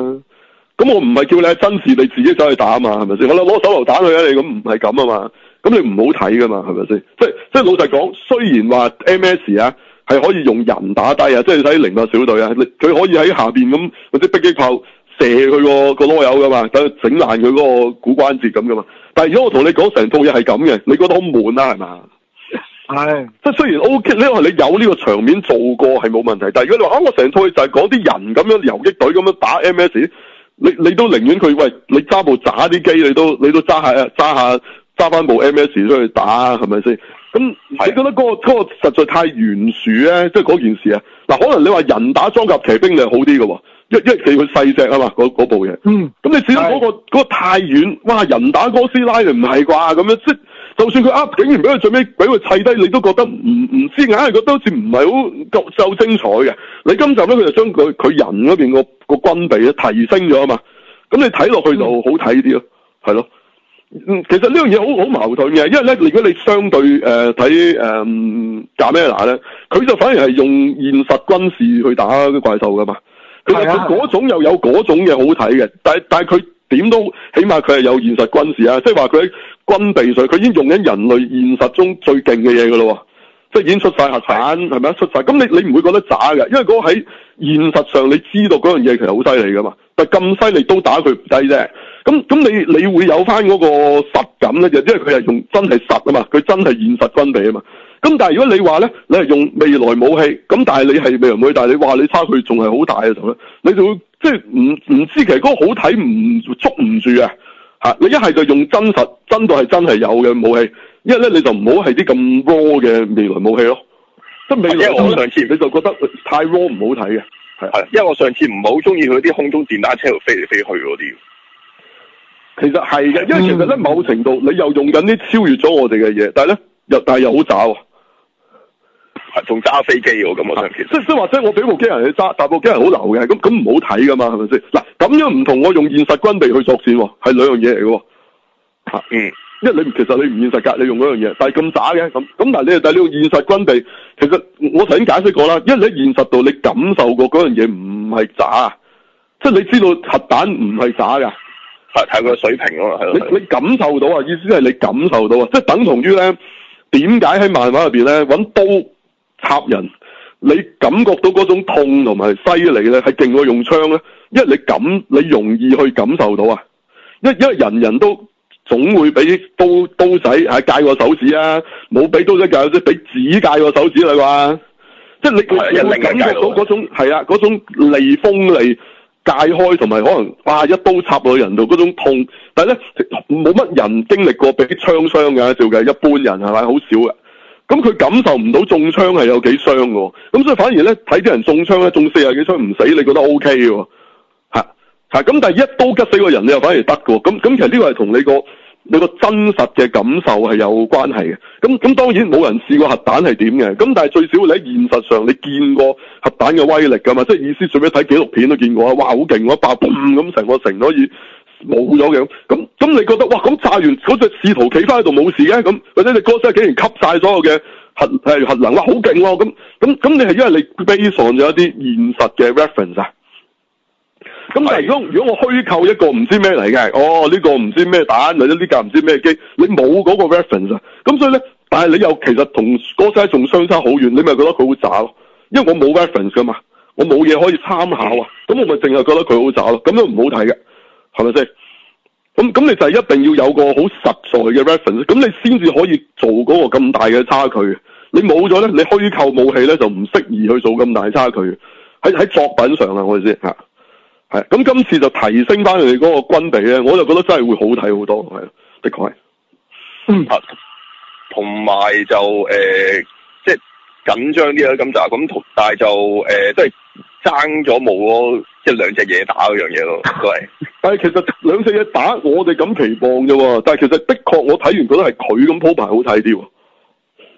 咁我唔係叫你喺真事你自己走去打啊嘛，係咪先？我攞手榴彈去啊你咁，唔係咁啊嘛，咁你唔好睇噶嘛，係咪先？即係即係老實講，雖然話 MS 啊，係可以用人打低啊，即係睇零個小隊啊，佢可以喺下邊咁或者迫擊炮射佢個個籮柚噶嘛，等整爛佢嗰個股關節咁噶嘛。但係如果我同你講成套嘢係咁嘅，你覺得好悶啦係嘛？是係，即係雖然 O K，呢個你有呢個場面做過係冇問題，但係如果你話啊，我成套就係講啲人咁樣游擊隊咁樣打 M S，你你都寧願佢喂你揸部渣啲機，你都你，你都揸下揸下揸翻部 M S 出去打係咪先？咁你覺得、嗰個嗰、嗰個實在太懸殊咧？即係嗰件事啊？嗱，可能你話人打裝甲騎兵你好啲嘅，一一佢細隻啊嘛，嗰嗰部嘢。嗯。咁你始終嗰個嗰的、嗰個嗰個太遠，哇！人打哥斯拉你唔係啩？咁樣即就算佢呃竟然俾佢最尾俾佢砌低，你都覺得唔唔知硬係覺得好似唔係好夠精彩嘅。你今集咧佢就將佢佢人嗰邊個個軍備咧提升咗啊嘛。咁你睇落去就好睇啲咯，係咯、嗯。的其實呢樣嘢好好矛盾嘅，因為咧，如果你相對誒睇誒《加美拉》咧，佢就反而係用現實軍事去打啲怪獸噶嘛。係啊的。佢嗰種又有嗰種嘢好睇嘅的，但係但係佢點都起碼佢係有現實軍事啊，即係話佢。軍備上，佢已經用緊人類現實中最勁嘅嘢噶咯，即係已經出晒核彈，係咪啊？出晒，咁你你唔會覺得渣嘅？因為嗰喺現實上，你知道嗰樣嘢其實好犀利噶嘛。但係咁犀利都打佢唔低啫。咁咁你你會有翻嗰個實感咧？就因為佢係用真係實啊嘛，佢真係現實軍備啊嘛。咁但係如果你話咧，你係用未來武器，咁但係你係未來武器，但係你話你差距仲係好大嘅時候咧，你就會即係唔唔知其實嗰個好睇唔捉唔住啊。吓你一係就用真實，真到係真係有嘅武器，一咧你就唔好係啲咁 raw 嘅未來武器咯。即係我上次你就覺得太 raw 唔好睇嘅，係係，因為我上次唔係好中意佢啲空中電單車度飛嚟飛去嗰啲。其實係嘅，因為其實咧、嗯、某程度你又用緊啲超越咗我哋嘅嘢，但係咧又但係又好渣。係仲揸飛機喎、啊、咁我真係、啊，即係即係話即係我俾部機人去揸，搭部機人好流嘅，咁咁唔好睇㗎嘛係咪先？嗱咁樣唔同我用現實軍備去作戰喎，係兩樣嘢嚟嘅。嚇嗯，因為你其實你唔現實噶，你用嗰樣嘢，但係咁渣嘅咁咁，但係你又但係你用現實軍備，其實我頭先解釋過啦，因為你現實度你感受過嗰樣嘢唔係渣，即係你知道核彈唔係渣㗎。係佢個水平咯，係咯。你你感受到啊，意思係你感受到啊，即係等同於咧點解喺漫畫入邊咧揾刀？插人，你感覺到嗰種痛同埋犀利咧，係勁過用槍咧，因為你感你容易去感受到啊，因為因為人人都總會俾刀刀仔係戒個手指啊，冇俾刀仔戒，即係俾紙戒個手指啦嘛，即係是你你感覺到嗰種係啊，嗰種利鋒嚟戒開同埋可能啊一刀插落人度嗰種痛，但係咧冇乜人經歷過俾槍傷嘅，照計一般人係咪好少嘅？咁佢感受唔到中槍係有幾傷喎，咁所以反而咧睇啲人中槍咧中四廿幾槍唔死，你覺得 OK 喎，吓吓，咁但係一刀拮死個人你又反而得喎，咁咁其實呢個係同你個你個真實嘅感受係有關係嘅。咁咁當然冇人試過核彈係點嘅，咁但係最少你喺現實上你見過核彈嘅威力㗎嘛？即係意思最尾睇紀錄片都見過啊，哇好勁喎，一爆咁成個城可以。冇咗嘅，咁咁你覺得哇，咁炸完嗰隻試圖企返喺度冇事嘅咁，或者你哥仔竟然吸晒所有嘅核核能，哇好勁喎咁咁咁，你係因為你 base on 咗一啲現實嘅 reference 啊？咁但係如果的如果我虛構一個唔知咩嚟嘅，哦呢個唔知咩蛋或者呢架唔知咩機，你冇嗰個 reference 啊？咁所以咧，但係你又其實同哥仔仲相差好遠，你咪覺得佢好渣咯？因為我冇 reference 㗎嘛，我冇嘢可以參考啊，咁我咪淨係覺得佢好渣咯，咁樣唔好睇嘅。係咪先？咁咁你就係一定要有個好實在嘅 reference，咁你先至可以做嗰個咁大嘅差距。你冇咗咧，你虛構武器咧就唔適宜去做咁大嘅差距。喺喺作品上啦，我哋先吓係。咁今次就提升翻佢哋嗰個軍備咧，我就覺得真係會好睇好多。係，的確係。吓、嗯，同埋就誒，即係緊張啲啦，咁就，咁、呃就是，但係就誒，即、呃、係爭咗冇咯。即係兩隻嘢打嗰樣嘢咯，係 <laughs> 位，但係其實兩隻嘢打，我哋咁期望啫。但係其實的確，我睇完覺得係佢咁鋪排好睇啲。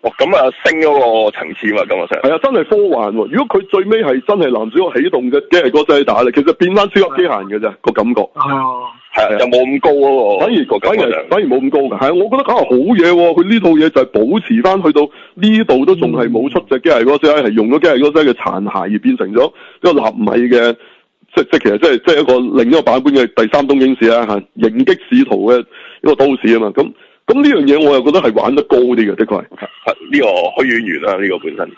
哦，咁啊，升咗個層次嘛，感覺上係啊，真係科幻。如果佢最尾係真係男主角起動嘅機械哥仔打咧，其實變翻超級機械人嘅啫個感覺係啊，係又冇咁高咯而。反而反而反而冇咁高嘅係、啊，我覺得反而好嘢。佢呢套嘢就係保持翻去到呢度都仲係冇出隻機械哥仔，係、嗯、用咗機械哥仔嘅殘骸而變成咗一個納米嘅。即係其實即係即係一個另一個版本嘅第三東京市啦，吓，迎擊使徒嘅一個都市啊嘛，咁咁呢樣嘢我又覺得係玩得高啲嘅，的確係，呢 Okay. 個虛淵玄啦，呢、這個本身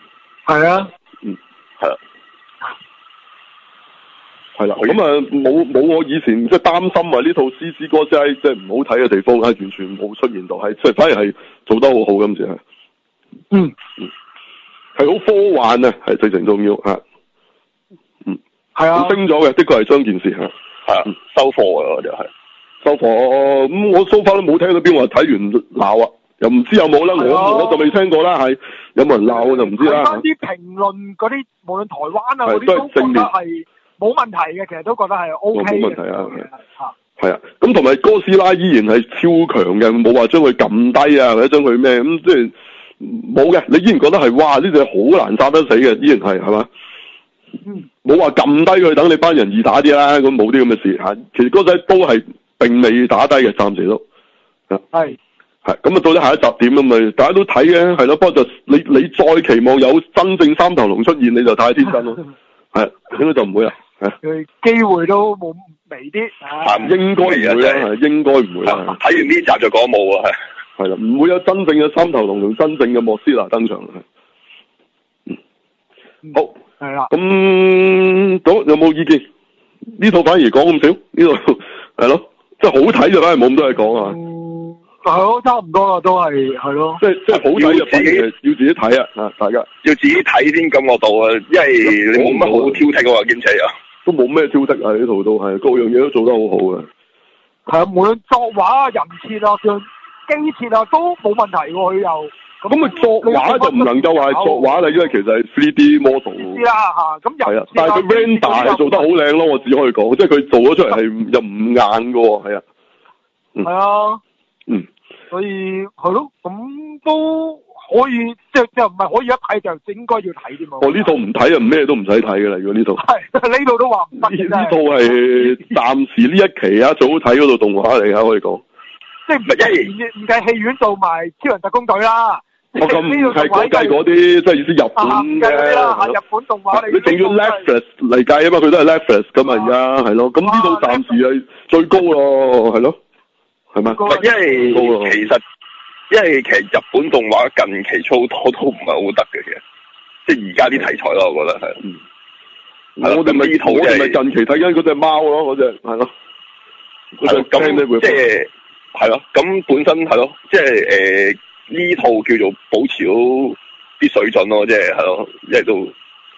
係啊，Yeah. 嗯，係啦，係啦 <laughs> 的，咁啊冇冇我以前即係擔心啊，呢套詩子歌即即係唔好睇嘅地方係完全冇出現到，係即係反而係做得好好咁樣，嗯，係好、mm. 科幻啊，係最重要係啊，升咗嘅，的確係將件事啊，係啊，收貨啊，我就係收貨。咁我 so far 都冇聽到邊個話睇完鬧啊，又唔知有冇啦，我我就未聽過啦，係有冇人鬧我就唔知啦。但係啲評論嗰啲，無論台灣啊，都係正面，我都覺得係冇問題嘅，其實都覺得係 O K 冇問題啊，係啊，係啊。咁同埋哥斯拉依然係超強嘅，冇話將佢撳低啊，或者將佢咩咁即係冇嘅。你依然覺得係哇，呢隻好難殺得死嘅，依然係係嘛？冇話撳低佢等你班人易打啲啦，咁冇啲咁嘅事吓。其實嗰仔都係並未打低嘅，暫時都係係咁啊。到咗下一集點咁咪？大家都睇嘅係咯。不過就你你再期望有真正三頭龍出現，你就太天真咯。係、啊、應該就唔會啦。佢機會都冇微啲吓，應該唔會啦。就是、應該唔會啦。睇、就是、的完呢集就講冇啊，係係啦，唔的會有真正嘅三頭龍同真正嘅莫斯拉登場、嗯、好。係啦，咁咁、嗯、有冇意見？呢套反而講咁少，呢套係咯，即係好睇就梗係冇咁多嘢講啊。哦，係咯，差唔多喇，都係係咯。即係即係好睇就自己要自己睇啊！啊，大家要自己睇先感覺到啊。因為你冇乜好挑剔嘅話，兼且啊，都冇咩挑剔啊，呢套都係各樣嘢都做得好好嘅。係啊，無論作畫、人設啊、像機設啊，都冇問題喎，佢又。咁佢作畫就唔能夠話係作畫啦，因為其實係 three D model。啦嚇，咁、啊、人、啊、但係佢 render 係做得好靚咯，我只可以講，即係佢做咗出嚟係又唔硬嘅喎，係 <laughs> 啊。係啊。嗯。所以係咯，咁都可以，即係又唔係可以一睇就應該要睇添嘛。我呢套唔睇就咩都唔使睇嘅啦，如果呢套。係，呢套都話唔得啊。呢套係暫時呢一期啊，最好睇嗰套動畫嚟嚇，可以講。即係唔係？唔唔一計戲院做埋超人特工隊啦。我咁係講計嗰啲，即係意思日本嘅。日本動畫，你仲要 Netflix 嚟計啊嘛，佢都係 Netflix 嘛，而家係咯。咁呢度暫時係最高咯，係咯，係咪？因為其實因為其實日本動畫近期粗多都唔係好得嘅，其實即係而家啲題材咯，我覺得係。我哋咪我哋咪近期睇緊嗰隻貓咯，嗰隻係咯。嗰隻咁即係係咯，咁本身係咯，即係呢套叫做保持啲水準咯，即係係咯，都樣一路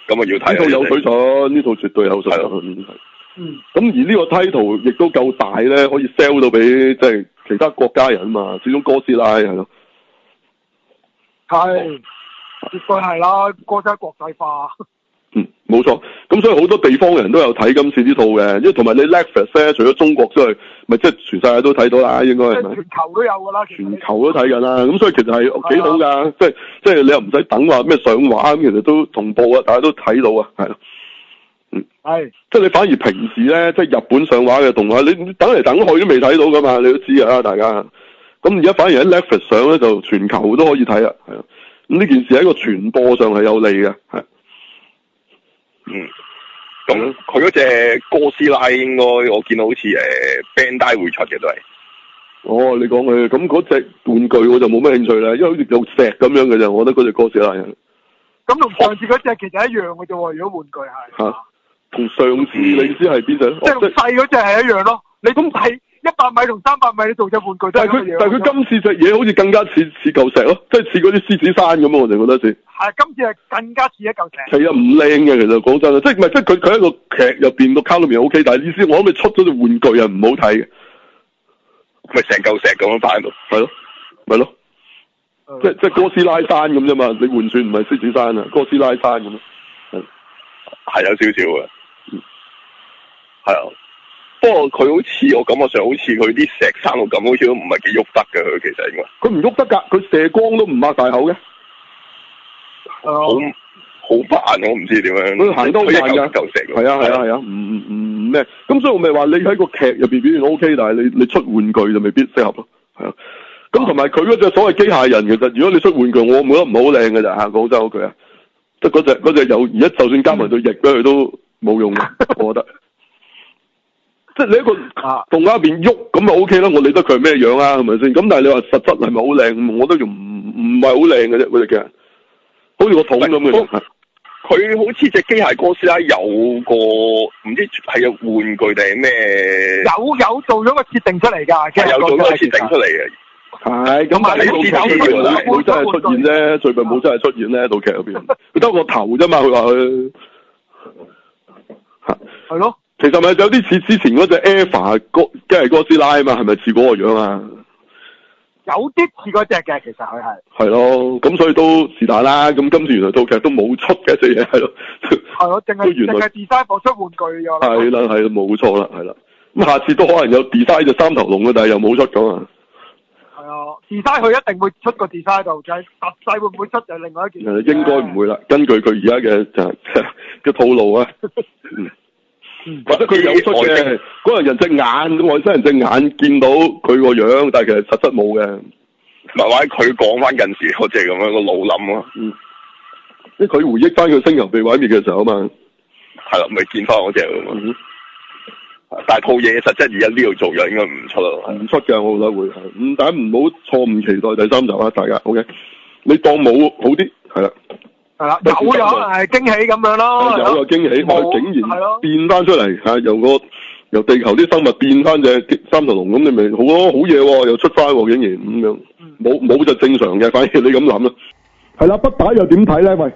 咁啊要睇。都有水準，呢、就是、套絕對有水準。的嗯。咁而呢個 l 圖亦都夠大咧，可以 sell 到俾即係其他國家人啊嘛，始終哥斯拉係咯。係，絕是、哦、對係啦，哥家國際化。冇錯，咁所以好多地方人都有睇今次呢套嘅，因為同埋你 Netflix 咧，除咗中國之外，咪即係全世界都睇到啦，應該係咪？全球都有噶啦，全球都睇緊啦，咁，係，所以其實係幾好噶，即係即係你又唔使等話咩上畫咁，其實都同步啊，大家都睇到啊，係咯，嗯，係，即係你反而平時咧，即係日本上畫嘅動畫，你等嚟等去都未睇到噶嘛，你都知啊，大家，咁而家反而喺 Netflix 上咧就全球都可以睇啦，係咁呢件事喺個傳播上係有利嘅，係。嗯，咁佢嗰隻哥斯拉，應該我見到好似誒 Bandai 會出嘅都係。哦，你講佢咁嗰隻玩具我就冇咩興趣啦，因為好似石咁樣嘅就我覺得嗰隻哥斯拉。咁同上次嗰隻其實一樣，我啫話如果玩具係。同，啊、上次你知係邊隻即係細嗰隻係一樣咯。你咁細？一百米同三百米，你做隻玩具都係佢，但係他佢今次隻嘢好似更加似似舊石咯，即係似嗰啲獅子山咁，我就覺得似。係今次係更加似一舊石。係啊，唔靚嘅，其實講真啊，即係係，即係佢佢一個劇入邊個卡裏面 ok。但係意思我諗你出咗隻玩具又唔好睇嘅，咪成舊石咁樣擺咯，係咯，咪、就、咯、是，即係即係哥斯拉山咁啫嘛，你換算唔係獅子山啊，哥斯拉山咁啊，係有少少嘅，係啊。不過佢好似我感覺上，好似佢啲石生路咁，好似都唔係幾喐得嘅佢，其實應該。佢唔喐得噶，佢射光都唔擘大口嘅。嗯、好，好扮我唔知點樣。佢行多怪嘅，係啊，係啊，係啊，唔唔唔咩？咁、嗯嗯嗯嗯嗯嗯、所以我咪話你喺個劇入邊表現 OK，但係你你出玩具就未必適合咯，係啊。咁同埋佢嗰隻所謂機械人，其實如果你出玩具，我覺得唔係好靚嘅咋吓，講真嗰句啊，即係嗰隻嗰隻有而家就算加埋對翼咧，佢都冇用嘅，我覺得。即係你一個動畫入邊喐咁咪 O K 啦，我理得佢係咩樣啊，係咪先？咁但係你話實質係咪好靚？我都仲唔係係好靚嘅啫，嗰隻嘅，好似個桶咁嘅。佢好似隻機械哥斯拉有個唔知係有玩具定咩？有有做咗個設定出嚟噶，其實有做咗個設定出嚟嘅。係咁啊！你冇出現，真係出現呢？最近冇真係出現咧，到劇入邊。佢得個頭啫嘛，佢話佢。係咯。其實咪有啲似之前嗰隻 Eva 哥，即係哥斯拉啊嘛，係咪似嗰個樣啊？有啲似嗰隻嘅，其實佢係。係咯，咁所以都是但啦。咁今次原來套劇都冇出嘅隻嘢，係咯。係咯淨係淨係 design 冇出玩具又。係啦係啦，冇錯啦，係啦。咁下次都可能有 design 就三頭龍啦，但係又冇出咁啊。係啊，design 佢一定會出個 design 度，實際會唔會出就另外一件。應該唔會啦，根據佢而家嘅即嘅套路啊。 <laughs> 或者佢有出嘅，嗰個人隻眼，外星人隻眼見到佢個樣，但係其實實質冇嘅。咪話喺佢講返陣時，我即係咁樣個腦諗咯。嗯，即係佢回憶返佢星球被毀滅嘅時候啊嘛，係啦，咪見返嗰隻咯。嘛、嗯哼。但係套嘢實質而家呢度做樣應該唔出咯，唔出嘅我覺得會係。但係唔好錯誤期待第三集啦，大家。OK，你當冇好啲，係啦。係啦，有可能係驚喜咁樣咯，的的有又驚喜，竟然變翻出嚟，吓由個由地球啲生物變翻隻三頭龍咁，你咪好嘢好嘢又出翻，竟然咁樣，冇冇就正常嘅，反正你咁諗啦。係啦、嗯，不打又點睇咧？喂，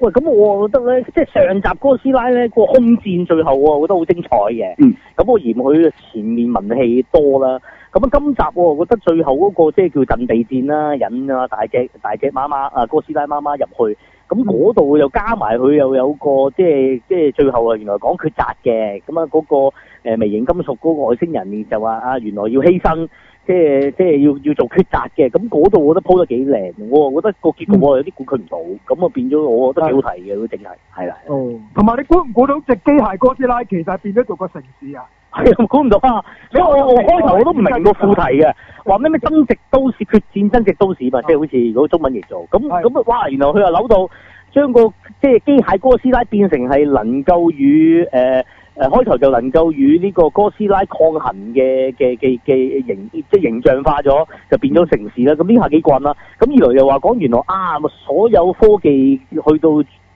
喂，咁我覺得咧，即係上集哥斯拉咧個空戰最後，我覺得好精彩嘅。嗯。咁我嫌佢前面文戲多啦。咁啊，今集我覺得最後嗰個即係叫陣地戰啦，引啊大隻大隻媽媽啊哥斯拉媽媽入去，咁嗰度又加埋佢又有個即係即係最後啊，原來講抉擇嘅，咁啊嗰個微型金屬嗰個外星人就話啊原來要犧牲，即係即係要要做抉擇嘅，咁嗰度我覺得鋪得幾靚，我覺得個結局我有啲估佢唔到，咁啊、嗯、變咗我覺得幾好睇嘅，嗰整體係啦。嗯、哦，同埋你估唔估到隻機械哥斯拉其實變咗做個城市啊？係啊，估唔 <laughs> 到啊！所以我我開頭我都唔明個副題嘅，話咩咩增殖都市決戰增殖都市嘛，即係 <laughs> 好似如果中文嚟做咁咁啊！哇，然後佢又扭到將個即係機械哥斯拉變成係能夠與誒誒開頭就能夠與呢個哥斯拉抗衡嘅嘅嘅嘅形即係、就是、形象化咗，就變咗城市啦。咁呢下幾棍啦。咁二來又話講原來啊，所有科技去到。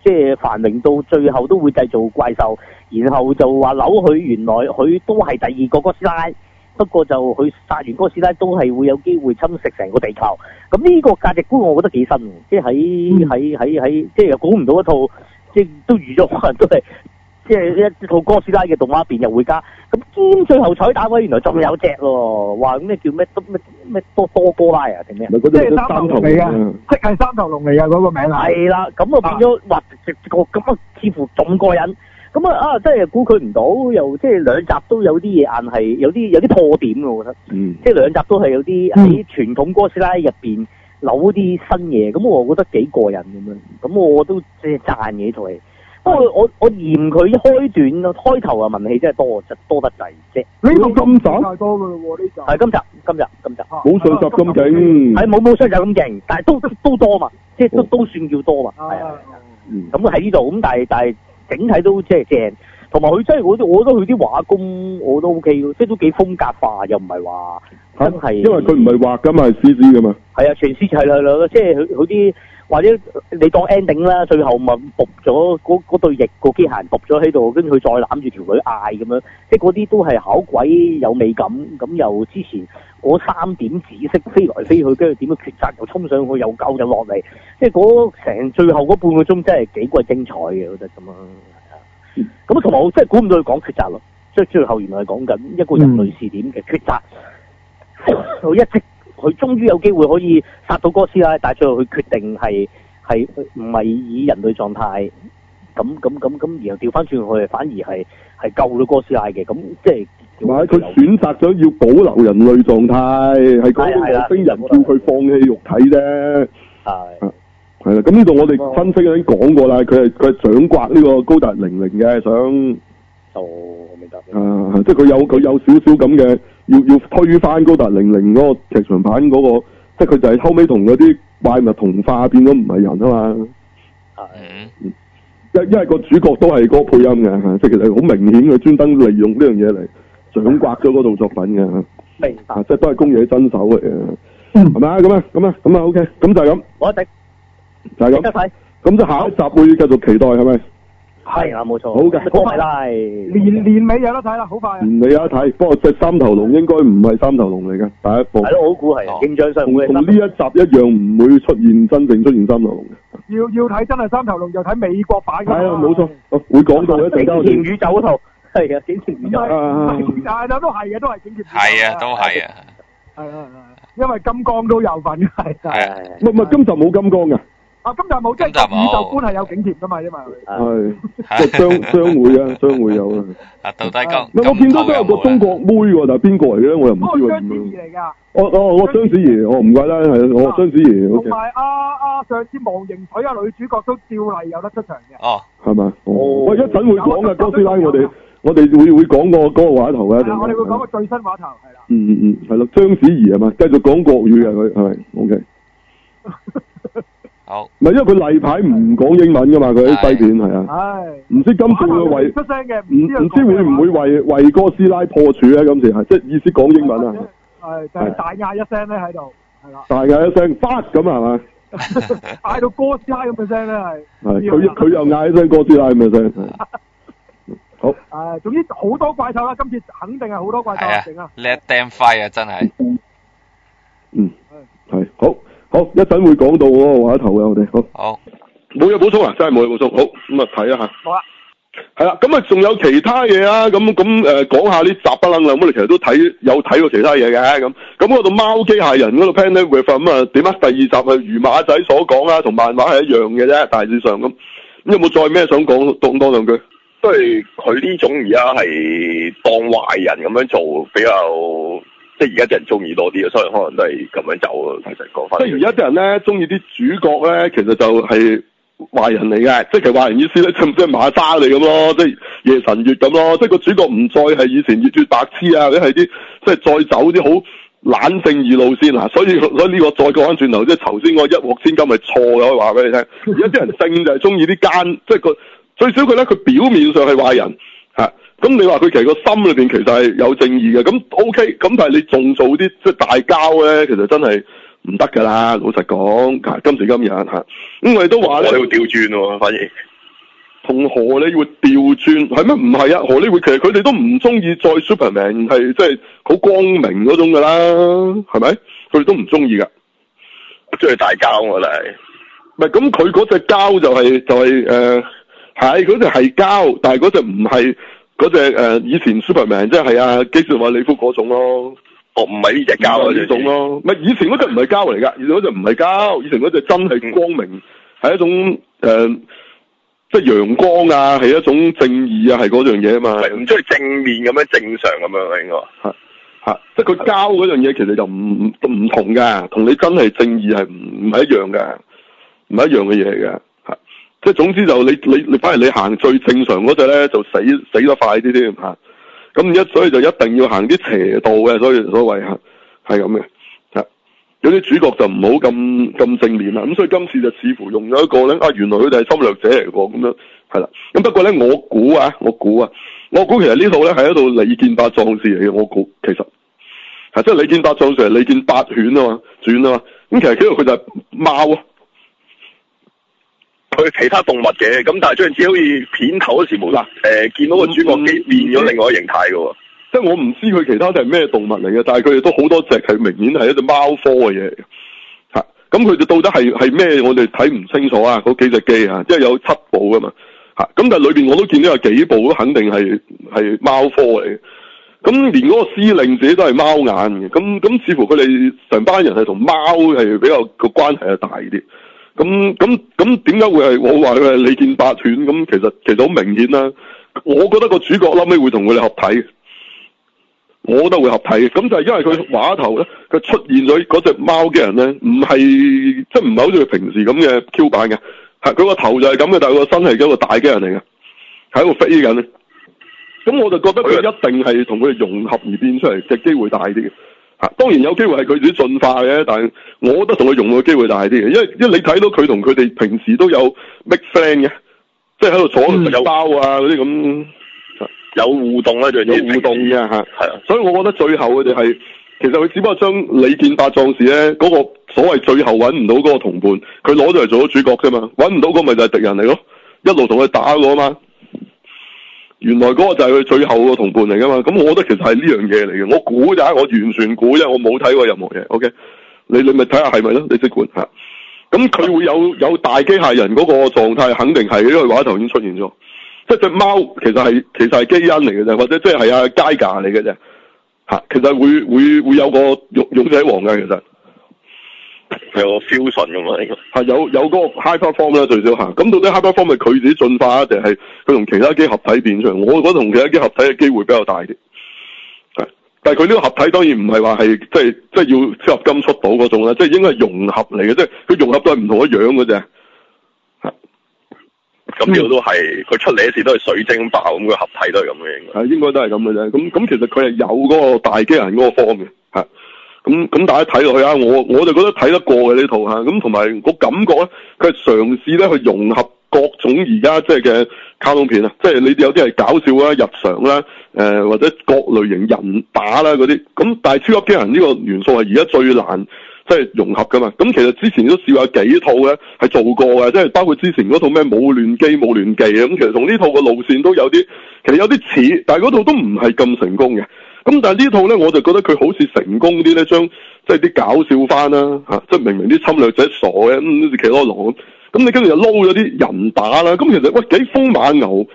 即係繁榮到最後都會製造怪獸，然後就話扭佢原來佢都係第二個哥斯拉，不過就佢殺完哥斯拉都係會有機會侵蝕成個地球。咁呢個價值觀我覺得幾新，即係喺喺喺喺，即係又估唔到一套，即係都預咗可能都係。即係一套哥斯拉嘅動畫片又會加，咁兼最後彩蛋位原來仲有隻喎、哦，話咩叫咩咩咩多多哥拉啊定咩？即係三頭龍嚟嘅，佢係三頭龍嚟、嗯、啊！嗰、那個名啊，係啦，咁啊變咗，哇！咁啊似乎仲過癮。咁啊啊，真係估佢唔到，又即係兩集都有啲嘢硬係有啲有啲破點我覺得，嗯、即係兩集都係有啲喺傳統哥斯拉入面扭啲新嘢，咁我覺得幾過癮咁樣，咁我都即係讚嘢。不過我我，我嫌佢開短咯，開頭啊文氣真係多，多，多，就多得滯啫。呢度咁短？太多噶呢集。係今集，今日，今集。冇上集咁勁。係冇冇上集咁勁，但係都都都多嘛，即係都、oh. 都算叫多嘛。係啊，咁喺呢度，咁但係但係整體都即係正，同埋佢真係我我覺得佢啲畫工我都 OK 即係都幾風格化，又唔係話真係。因為佢唔係畫噶嘛，CG 噶嘛。係啊，全 CG 係係即係佢啲。或者你當 ending 啦，最後咪伏咗嗰對對翼個機械人伏咗喺度，跟住佢再攬住條女嗌咁樣，即係嗰啲都係好鬼有美感，咁又之前嗰三點紫色飛來飛去，跟住點樣抉擇又衝上去又救又落嚟，即係嗰成最後嗰半個鐘真係幾鬼精彩嘅，我覺得咁樣咁同埋我真係估唔到佢講抉擇咯，即係最後原來係講緊一個人類視點嘅抉擇，我、嗯、 <laughs> 一直。佢終於有機會可以殺到哥斯拉，但係最後佢決定係係唔係以人類狀態咁咁咁咁，然後調翻轉去，反而係係救到哥斯拉嘅，咁即係唔係佢選擇咗要保留人類狀態，係嗰個外星人叫佢放棄肉體啫，係係啦，咁呢度我哋分析已經講過啦，佢係佢想刮呢個高達零零嘅，想就未得，哦，明白明白，啊即係佢有佢有少少咁嘅。要要推翻高達零零嗰個劇場版嗰、嗰個，即係佢就係後尾同嗰啲怪物同化變咗唔係人啊嘛。係的，因因為個主角都係嗰個配音嘅，即係其實好明顯佢專登利用呢樣嘢嚟掌摑咗嗰套作品嘅。明白，即係都係宮野真守嚟嘅，係咪？咁啊，咁啊，咁啊，OK，咁就係咁。我哋就係咁，咁就下一集會繼續期待，係咪？係啊，冇錯。好嘅，講埋啦。年年尾有得睇啦，好快。嗯，有得睇，不過隻三頭龍應該唔係三頭龍嚟嘅第一部。係咯，我估係啊。勁仔神，同同呢一集一樣，唔會出現真正出現三頭龍。要要睇真係三頭龍，就睇美國版。係啊，冇錯。哦，會講到一定。同一宇宙嗰套係啊，同一宇宙啊。但係都係嘅，都係劍與。係啊，都係啊。係啊係啊，因為金剛都有份，係係。唔唔，今集冇金剛噶。啊、今日冇，即係宇宙觀係有景甜噶嘛？因嘛、啊，係商商會啊，商會有啊。啊，到底我見到都有個中國妹喎，但係邊個嚟嘅我又唔知，章子怡嚟㗎。哦哦，我章子怡我唔怪啦。係，我章子怡。同埋啊上次《亡形腿》啊，女主角都照例有得出場嘅。哦、啊，係嘛？我一陣會講嘅。哥斯拉，我哋我哋會會講個嗰個話頭嘅。我哋會講個最新話頭，係、啊、啦。嗯嗯嗯，係、嗯、咯，章子怡係嘛？繼續講國語啊。佢係咪？OK。是 <laughs> 好，唔係，因為佢例牌唔講英文噶嘛，佢啲西片係啊，唔知今次會為出聲嘅，唔唔知會唔會為為哥斯拉破處咧？今次係即係意思講英文啊，係就係大嗌一聲咧喺度，係啦，大嗌一聲，fuck 咁啊嘛，嗌到哥斯拉咁嘅聲咧，係，係佢佢又嗌一聲哥斯拉咁嘅聲，好，唉，總之好多怪獸啦，今次肯定係好多怪獸啊，你 d a m 快啊，真係，嗯，係好。.好，一陣會講到嗰個話頭嘅，我哋好。好，冇嘢補充啊，真係冇嘢補充。好，咁啊睇一下。好啦、啊，係啦，咁啊仲有其他嘢啊？咁咁誒，講、呃、下呢集不楞量咁，我哋其實都睇有睇過其他嘢嘅咁。咁嗰度貓機械人嗰度《p a n d e m i c 咁啊，點啊？第二集係如馬仔所講呀、啊，同漫畫係一樣嘅啫，大致上咁。咁有冇再咩想講？講多兩句，都係佢呢種而家係當壞人咁樣做比較。即係而家啲人中意多啲啊，所以可能都係咁樣走啊。即係而家啲人咧，中意啲主角咧，其實就係壞人嚟嘅。即係其實壞人意思咧，即係馬沙嚟咁咯，即係夜神月咁咯。即係個主角唔再係以前熱血白痴啊，或者係啲即係再走啲好懶正義路線啊。所以所以呢個再講翻轉頭，即係頭先嗰一獲千金係錯嘅，我話俾你聽。而家啲人正就係中意啲奸， <laughs> 即係佢最少佢咧，佢表面上係壞人吓。咁你話佢其實個心裏邊其實係有正義嘅，咁 O K，咁但係你仲做啲即係大交咧，其實真係唔得噶啦，老實講，今時今日吓，咁我哋都話咧，我哋會調轉喎、啊，反而同荷里活調轉係咩？唔係啊，荷里活？其實佢哋都唔中意再 Superman 係即係好光明嗰種噶啦，係咪？佢哋都唔中意噶，即係大交我、啊、哋。唔係咁佢嗰隻交就係、是、就係、是、誒，係嗰隻係交，但係嗰隻唔係。嗰隻誒，以前 Superman 即係啊，基士話里福嗰種咯，哦，唔係呢隻膠嗰種咯，唔係以前嗰隻唔係膠嚟噶，以前嗰隻唔係膠，以前嗰隻真係光明，係、嗯、一種誒、呃，即係陽光啊，係一種正義啊，係嗰樣嘢啊嘛，唔中意正面咁樣正常咁、啊啊、樣嘅，係即係佢膠嗰樣嘢其實就唔唔同噶，同你真係正義係唔唔係一樣噶，唔係一樣嘅嘢嚟噶。即係總之就你你你反而你行最正常嗰隻咧就死死得快啲添吓，咁、啊、一所以就一定要行啲斜道嘅，所以所謂吓係咁嘅吓，有啲主角就唔好咁咁正面啦，咁、啊、所以今次就似乎用咗一個咧啊，原來佢哋係侵略者嚟過。咁樣係啦，咁不過咧我估啊我估啊，我估、啊啊、其實套呢套咧係一套里見八壯士嚟嘅，我估其實吓即係里見八壯士係里見八犬啊嘛，犬啊嘛，咁、嗯、其實呢度佢就係貓啊。佢其他動物嘅，咁但係嗰陣時好似片頭嗰時冇啦，誒、呃、見到個主角機變咗另外一個形態嘅，即係我唔知佢其他就係咩動物嚟嘅，但係佢哋都好多隻係明顯係一隻貓科嘅嘢，咁佢哋到底係係咩？我哋睇唔清楚啊！嗰幾隻機啊，即係有七部啊嘛，嚇！咁、嗯、但係裏邊我都見到有幾部都肯定係係貓科嚟嘅，咁連嗰個司令自己都係貓眼嘅，咁咁似乎佢哋成班人係同貓係比係比較個關係係大啲。咁咁咁點解會係我話佢係李見八寸？咁？其實其實好明顯啦。我覺得個主角後屘會同佢哋合體嘅，我覺得會合體嘅。咁就係因為佢畫頭咧，佢出現咗嗰隻貓嘅人咧，唔係即係唔係好似佢平時咁嘅 Q 版嘅，係佢個頭就係咁嘅，但係個身係一個大機人嚟嘅，喺度飛緊。咁我就覺得佢一定係同佢哋融合而變出嚟，嘅機會大啲嘅。吓，當然有機會係佢自己進化嘅，但係我覺得同佢融合嘅機會大啲，因為一你睇到佢同佢哋平時都有 make friend 嘅，即係喺度坐有包啊嗰啲咁，有互動啊，就有互動嘅吓，係啊樣，所以我覺得最後佢哋係其實佢只不過將李劍八壯士咧嗰個所謂最後揾唔到嗰個同伴，佢攞咗嚟做咗主角啫嘛，揾唔到嗰咪就係敵人嚟咯，一路同佢打過嘛。原來嗰個就係佢最後個同伴嚟噶嘛，咁我覺得其實係呢樣嘢嚟嘅，我估咋，我完全估啫，我冇睇過任何嘢，OK？你你咪睇下係咪咯，你即管吓。咁、啊、佢會有有大機械人嗰個狀態，肯定係呢句話頭先出現咗，即係隻貓其實係其實係基因嚟嘅啫，或者即係係啊街價嚟嘅啫，吓，其實會會會有個勇勇者王噶其實。係我 fusion 咁啊！係有個有嗰個 hyper form 咧最少行，咁到底 hyper form 係佢自己進化啊，定係佢同其他機合體變出嚟？我覺得同其他機合體嘅機會比較大啲。係，但係佢呢個合體當然唔係話係即係即係要超合金出到嗰種啦，即係應該係融合嚟嘅，即係佢融合都係唔同一樣嘅啫。咁呢個、嗯、都係，佢出嚟嘅時都係水晶爆咁，佢、嗰個、合體都係咁樣。應該。應該都係咁嘅啫。咁其實佢係有嗰個大機人嗰個 form 嘅。咁咁大家睇落去啊，我我就覺得睇得過嘅呢套嚇。咁同埋個感覺咧，佢係嘗試咧去融合各種而家即係嘅卡通片啊，即係你哋有啲係搞笑啦、日常啦、誒、呃、或者各類型人打啦嗰啲，咁但係超級機人呢個元素係而家最難即係融合噶嘛，咁其實之前都試過幾套咧係做過嘅，即係包括之前嗰套咩冇亂機冇亂技啊，咁其實同呢套嘅路線都有啲其實有啲似，但係嗰套都唔係咁成功嘅。咁但係呢套咧，我就覺得佢好似成功啲咧，將即係啲搞笑翻啦吓，即係明明啲侵略者傻嘅，咁似騎多羅咁，咁你跟住就撈咗啲人打啦，咁其實喂幾風馬牛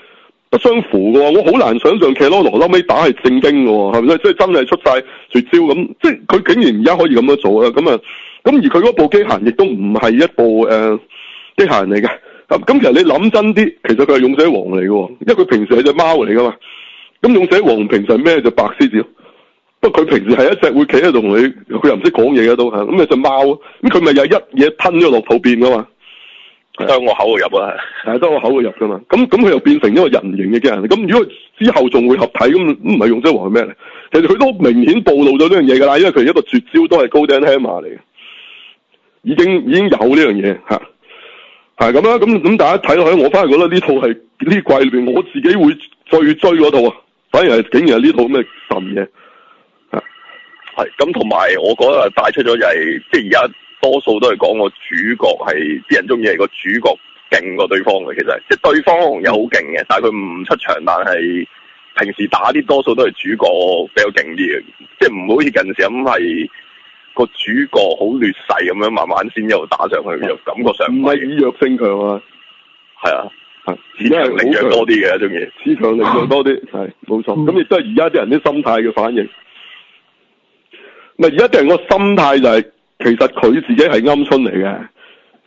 不相符嘅喎，我好難想象騎多羅，羅後尾打係正經嘅喎，係咪先即係真係出曬絕招咁，即係佢竟然而家可以咁樣做啦，咁啊咁而佢嗰部機械亦都唔係一部、呃、機械人嚟㗎。咁咁其實你諗真啲，其實佢係勇者王嚟嘅，因為佢平時係隻貓嚟噶嘛。咁勇者王平時咩，就是白獅子，不過佢平時係一隻會企喺度同你，佢又唔識講嘢嘅都係，咁有隻貓，咁佢咪又一嘢吞咗落肚變噶嘛？得我口入啊，係得我口入噶嘛？咁咁佢又變成一個人形嘅機人，咁如果之後仲會合體，咁唔係勇者王係咩咧？其實佢都明顯暴露咗呢樣嘢噶啦，因為佢一個絕招都係 Goldion Hammer 嚟嘅，已經已經有呢樣嘢吓係咁啦。咁咁大家睇落去，我反而覺得呢套係呢季裏邊我自己會最追嗰套啊。反而係，竟然係、啊、係有呢套咩神嘅，係咁同埋，我覺得係帶出咗就係、係，即係而家多數都係講個主角係啲人中意係個主角勁過對方嘅，其實即係、就係、對方有好勁嘅，嗯、但係佢唔出場，但係平時打啲多數都係主角比較勁啲嘅，即係唔會好似近時咁係個主角好劣勢咁樣，慢慢先一路打上去，就、啊、感覺上唔係以弱勝強啊，係啊。恃強凌弱多啲嘅，呢嘢恃強凌弱多啲係冇錯，咁亦 <laughs> <laughs> 都係而家啲人啲心態嘅反應。嗱，而家啲人個心態就係、是，其實佢自己係鵪鶉嚟嘅，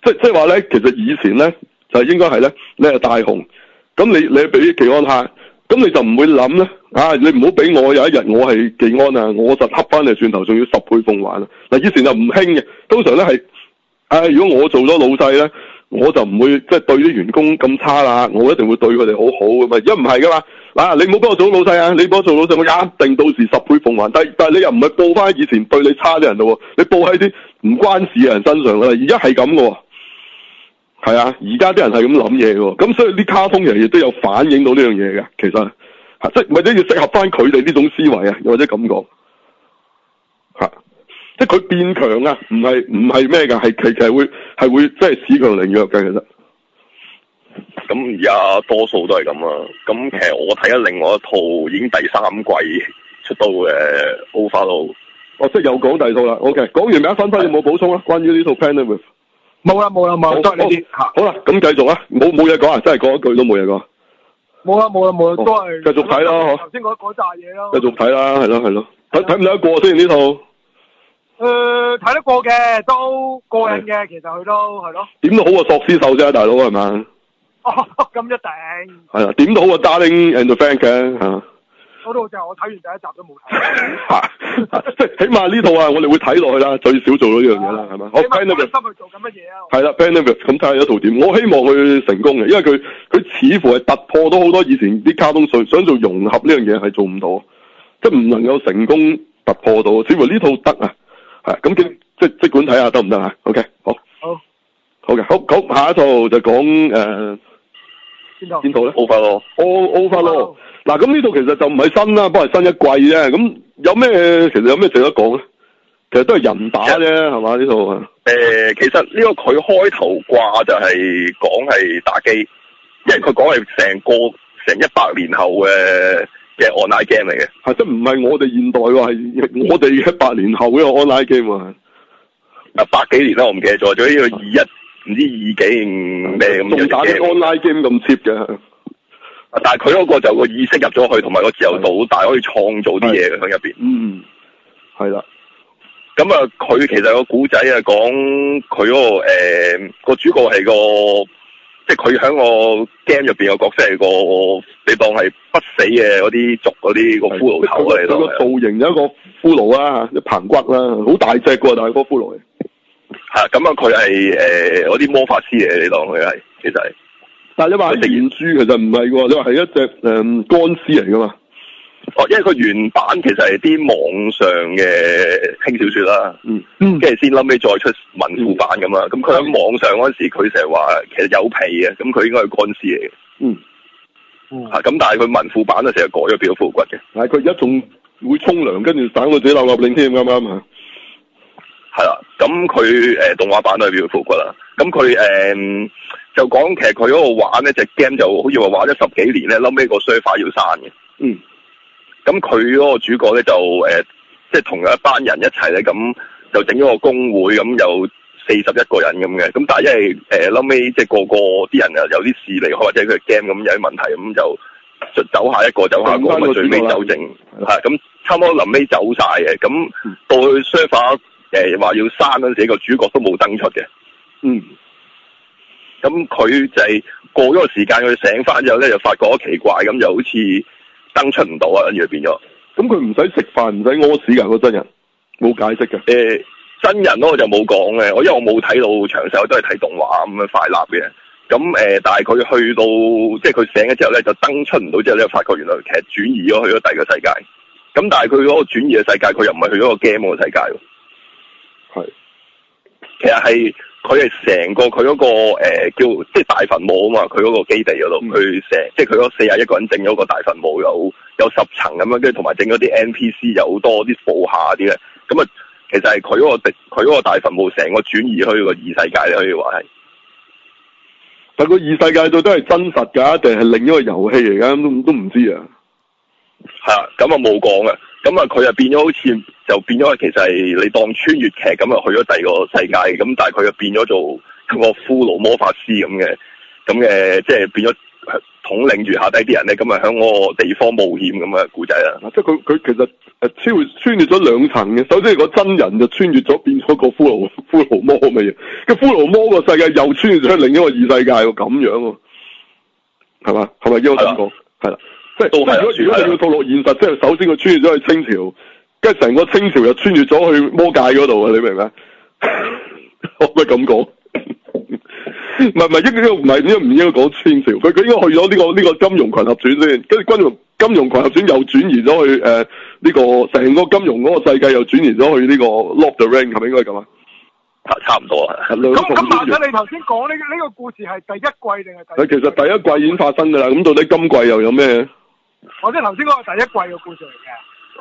即即係話咧，其實以前咧就係應該係咧，你係大雄，咁你你俾技安客，咁你就唔會諗咧，啊，你唔好俾我有一日我係技安啊，我就恰翻你轉頭仲要十倍奉還啊！嗱，以前就唔興嘅，通常咧係，啊、哎，如果我做咗老細咧。我就唔會即係、就是、對啲員工咁差啦，我一定會對佢哋好好嘛啊！而家唔係噶嘛，嗱，你唔好幫我做老細啊，你幫我做老細，我一定到時十倍奉還。但係但係你又唔係報翻以前對你差啲人喎，你報喺啲唔關事嘅人身上啦。而家係咁噶，係啊，而家啲人係咁諗嘢，咁所以啲卡通人亦都有反映到呢樣嘢嘅。其實，即係或者要適合翻佢哋呢種思維啊，或者咁講，即係佢變強啊，唔係唔係咩噶，係其係會係會即係恃強凌弱嘅，其實咁而家多數都係咁啊。咁其實我睇下另外一套，已經第三季出到誒，Overlord 哦，即係又講第二套啦。OK，講完咪一分分是你冇補充啦關於呢套《f a n d e m 冇啦冇啦冇，多謝、哦哦、好啦，咁繼續啊，冇冇嘢講啊，真係講一句都冇嘢講。冇啦冇啦冇，都係是繼續睇啦頭先講大嘢啦。繼、啊、續睇啦，係咯係咯，睇睇唔睇得過啊？雖然呢套。誒，睇，呃、得過嘅，都過癮嘅，的其實佢都係咯。點都好過，索斯獸啫，大佬係嘛？哦，咁 <laughs> 一定。係啦，點都好 <laughs> 過，Darling and the Fan k 嘅吓。嗰套就我睇完第一集都冇睇。即係 <laughs> <laughs> 起碼呢套啊，我哋會睇落去啦，最少做咗呢樣嘢啦，係咪 <laughs> 的？我 p l n e 去做咁乜嘢啊？係啦，Plan e v e r 咁睇下一套點？ <laughs> 我希望佢成功嘅，因為佢佢似乎係突破咗好多以前啲卡通，稅想做融合呢樣嘢係做唔到，即係唔能夠成功突破到，似乎呢套得啊。係咁，即即即管睇下得唔得。OK 好好，OK，好，好，下一套就講誒，邊套邊套咧？Overlord，哦，Overlord。嗱，咁呢度其實就唔係新啦，不過係新一季啫。咁有咩其實有咩值得講咧？其實都係人打啫，係嘛呢套啊？誒、呃，其實呢個佢開頭掛就係講係打機，因為佢講係成個成一百年後嘅。嘅 online game 嚟嘅，係即唔係我哋現代喎，係我哋一百年後嘅 online game 啊、嗯，百幾年啦，我唔記得咗，仲呢個二一唔知二幾咩咁樣嘅。仲打啲 online game 咁 cheap 嘅？但係佢嗰個就個意識入咗去，同埋個自由度大，的可以創造啲嘢嘅喺入邊。嗯，係啦。咁啊、嗯，佢其實個古仔啊，講佢嗰個誒個主角係個。佢喺我 game 入邊個角色係個，你當係不死嘅嗰啲族嗰啲個骷髏頭嚟咯。佢個造型，有一個骷髏啦，吓，棚骨啦，好大隻噶，但係個骷髏嚟。吓，咁、呃、啊，佢係誒嗰啲魔法師嚟，你當佢係，其實係。但係你話係食言書，其實唔係喎，你話係一隻誒乾屍嚟噶嘛？嗯哦，因為佢原版其實係啲網上嘅輕小說啦、嗯，嗯跟住先撚尾再出文庫版咁啦。咁佢喺網上嗰時候，佢成日話其實有皮嘅，咁佢應該係乾屍嚟嘅，嗯嗯。咁、啊、但係佢文庫版咧，成日改咗變咗腐骨嘅。係佢而家仲會沖涼，跟住省個嘴鬧鬧令添，啱啱啊？係啦，咁佢誒動畫版都係變咗腐骨啦。咁佢誒就講其實佢嗰個玩呢隻 game 就好似話玩咗十幾年咧，撚尾個 server 要刪嘅，嗯。咁佢嗰個主角咧就誒、呃，即係同一班人一齊咧，咁、嗯、就整咗個公會，咁、嗯、有四十一個人咁嘅。咁、嗯、但係因為誒臨尾即係個個啲人啊有啲事離開，或者佢 game 咁有啲問題，咁就走下一個走下一個，一個最尾走剩。咁，差唔多臨尾走晒嘅。咁、嗯、到去 server 話要刪嗰陣時，個主角都冇登出嘅。嗯。咁佢就係、是、過咗個時間，佢醒翻之後呢，咧，就發覺奇怪，咁、嗯、就好似。登出唔到啊，跟住變咗，咁佢唔使食飯，唔使屙屎噶個 <noise> 真人冇解釋嘅。誒，真人咯，我就冇講嘅，我因為我冇睇到詳細，我都係睇動畫咁樣快立嘅。咁、嗯、誒，但係佢去到，即係佢醒咗之後咧，就登出唔到之後咧，就發覺原來其實轉移咗去咗第二個世界。咁但係佢嗰個轉移嘅世界，佢又唔係去咗個 game 嘅世界。係是，其實係。佢係成個佢嗰、嗰個誒、呃、叫即係大墳墓啊嘛，佢嗰個基地嗰度，佢成、嗯、即係佢嗰四廿一個人整咗個大墳墓有有十層咁樣，跟住同埋整咗啲 NPC 有好多啲部下啲咧，咁啊，其實係佢嗰個佢個大墳墓成個轉移去個異世界咧可以話係，但個異世界度都係真實噶，定係另一個遊戲嚟噶，都都唔知啊，係啊，咁啊冇講啊。咁啊，佢又變咗好似就變咗，變其實係你當穿越劇咁啊，就去咗第二個世界嘅。咁但係佢又變咗做個骷髏魔法師咁嘅，咁嘅即係變咗統領住下低啲人咧，咁啊響嗰個地方冒險咁嘅古仔啦。即係佢佢其實誒穿穿越咗兩層嘅，首先個真人就穿越咗變咗個骷髏骷髏魔乜嘢，個骷髏魔個世界又穿越咗另一個異世界咁樣喎，啊，係嘛？係咪依個咁講？係啦。的確如果如果要套落現實，即係首先佢穿越咗去清朝，跟住成個清朝又穿越咗去魔界嗰度，你明唔明啊？可唔可以咁講？唔係唔係，應應唔係唔應唔應該講清朝，佢佢應該去咗呢、呢個呢、呢個金融群合轉先，跟住金融金融群合轉又轉移咗去誒呢、呃呢個成個金融嗰個世界又轉移咗去呢個 Lord the Ring，係咪應該係咁啊？差唔多啊，咁咁或者你頭先講呢呢個故事係第一季定係第季？誒，其實第一季已經發生噶啦，咁到底今季又有咩？我即係頭先嗰個第一季嘅故事嚟嘅。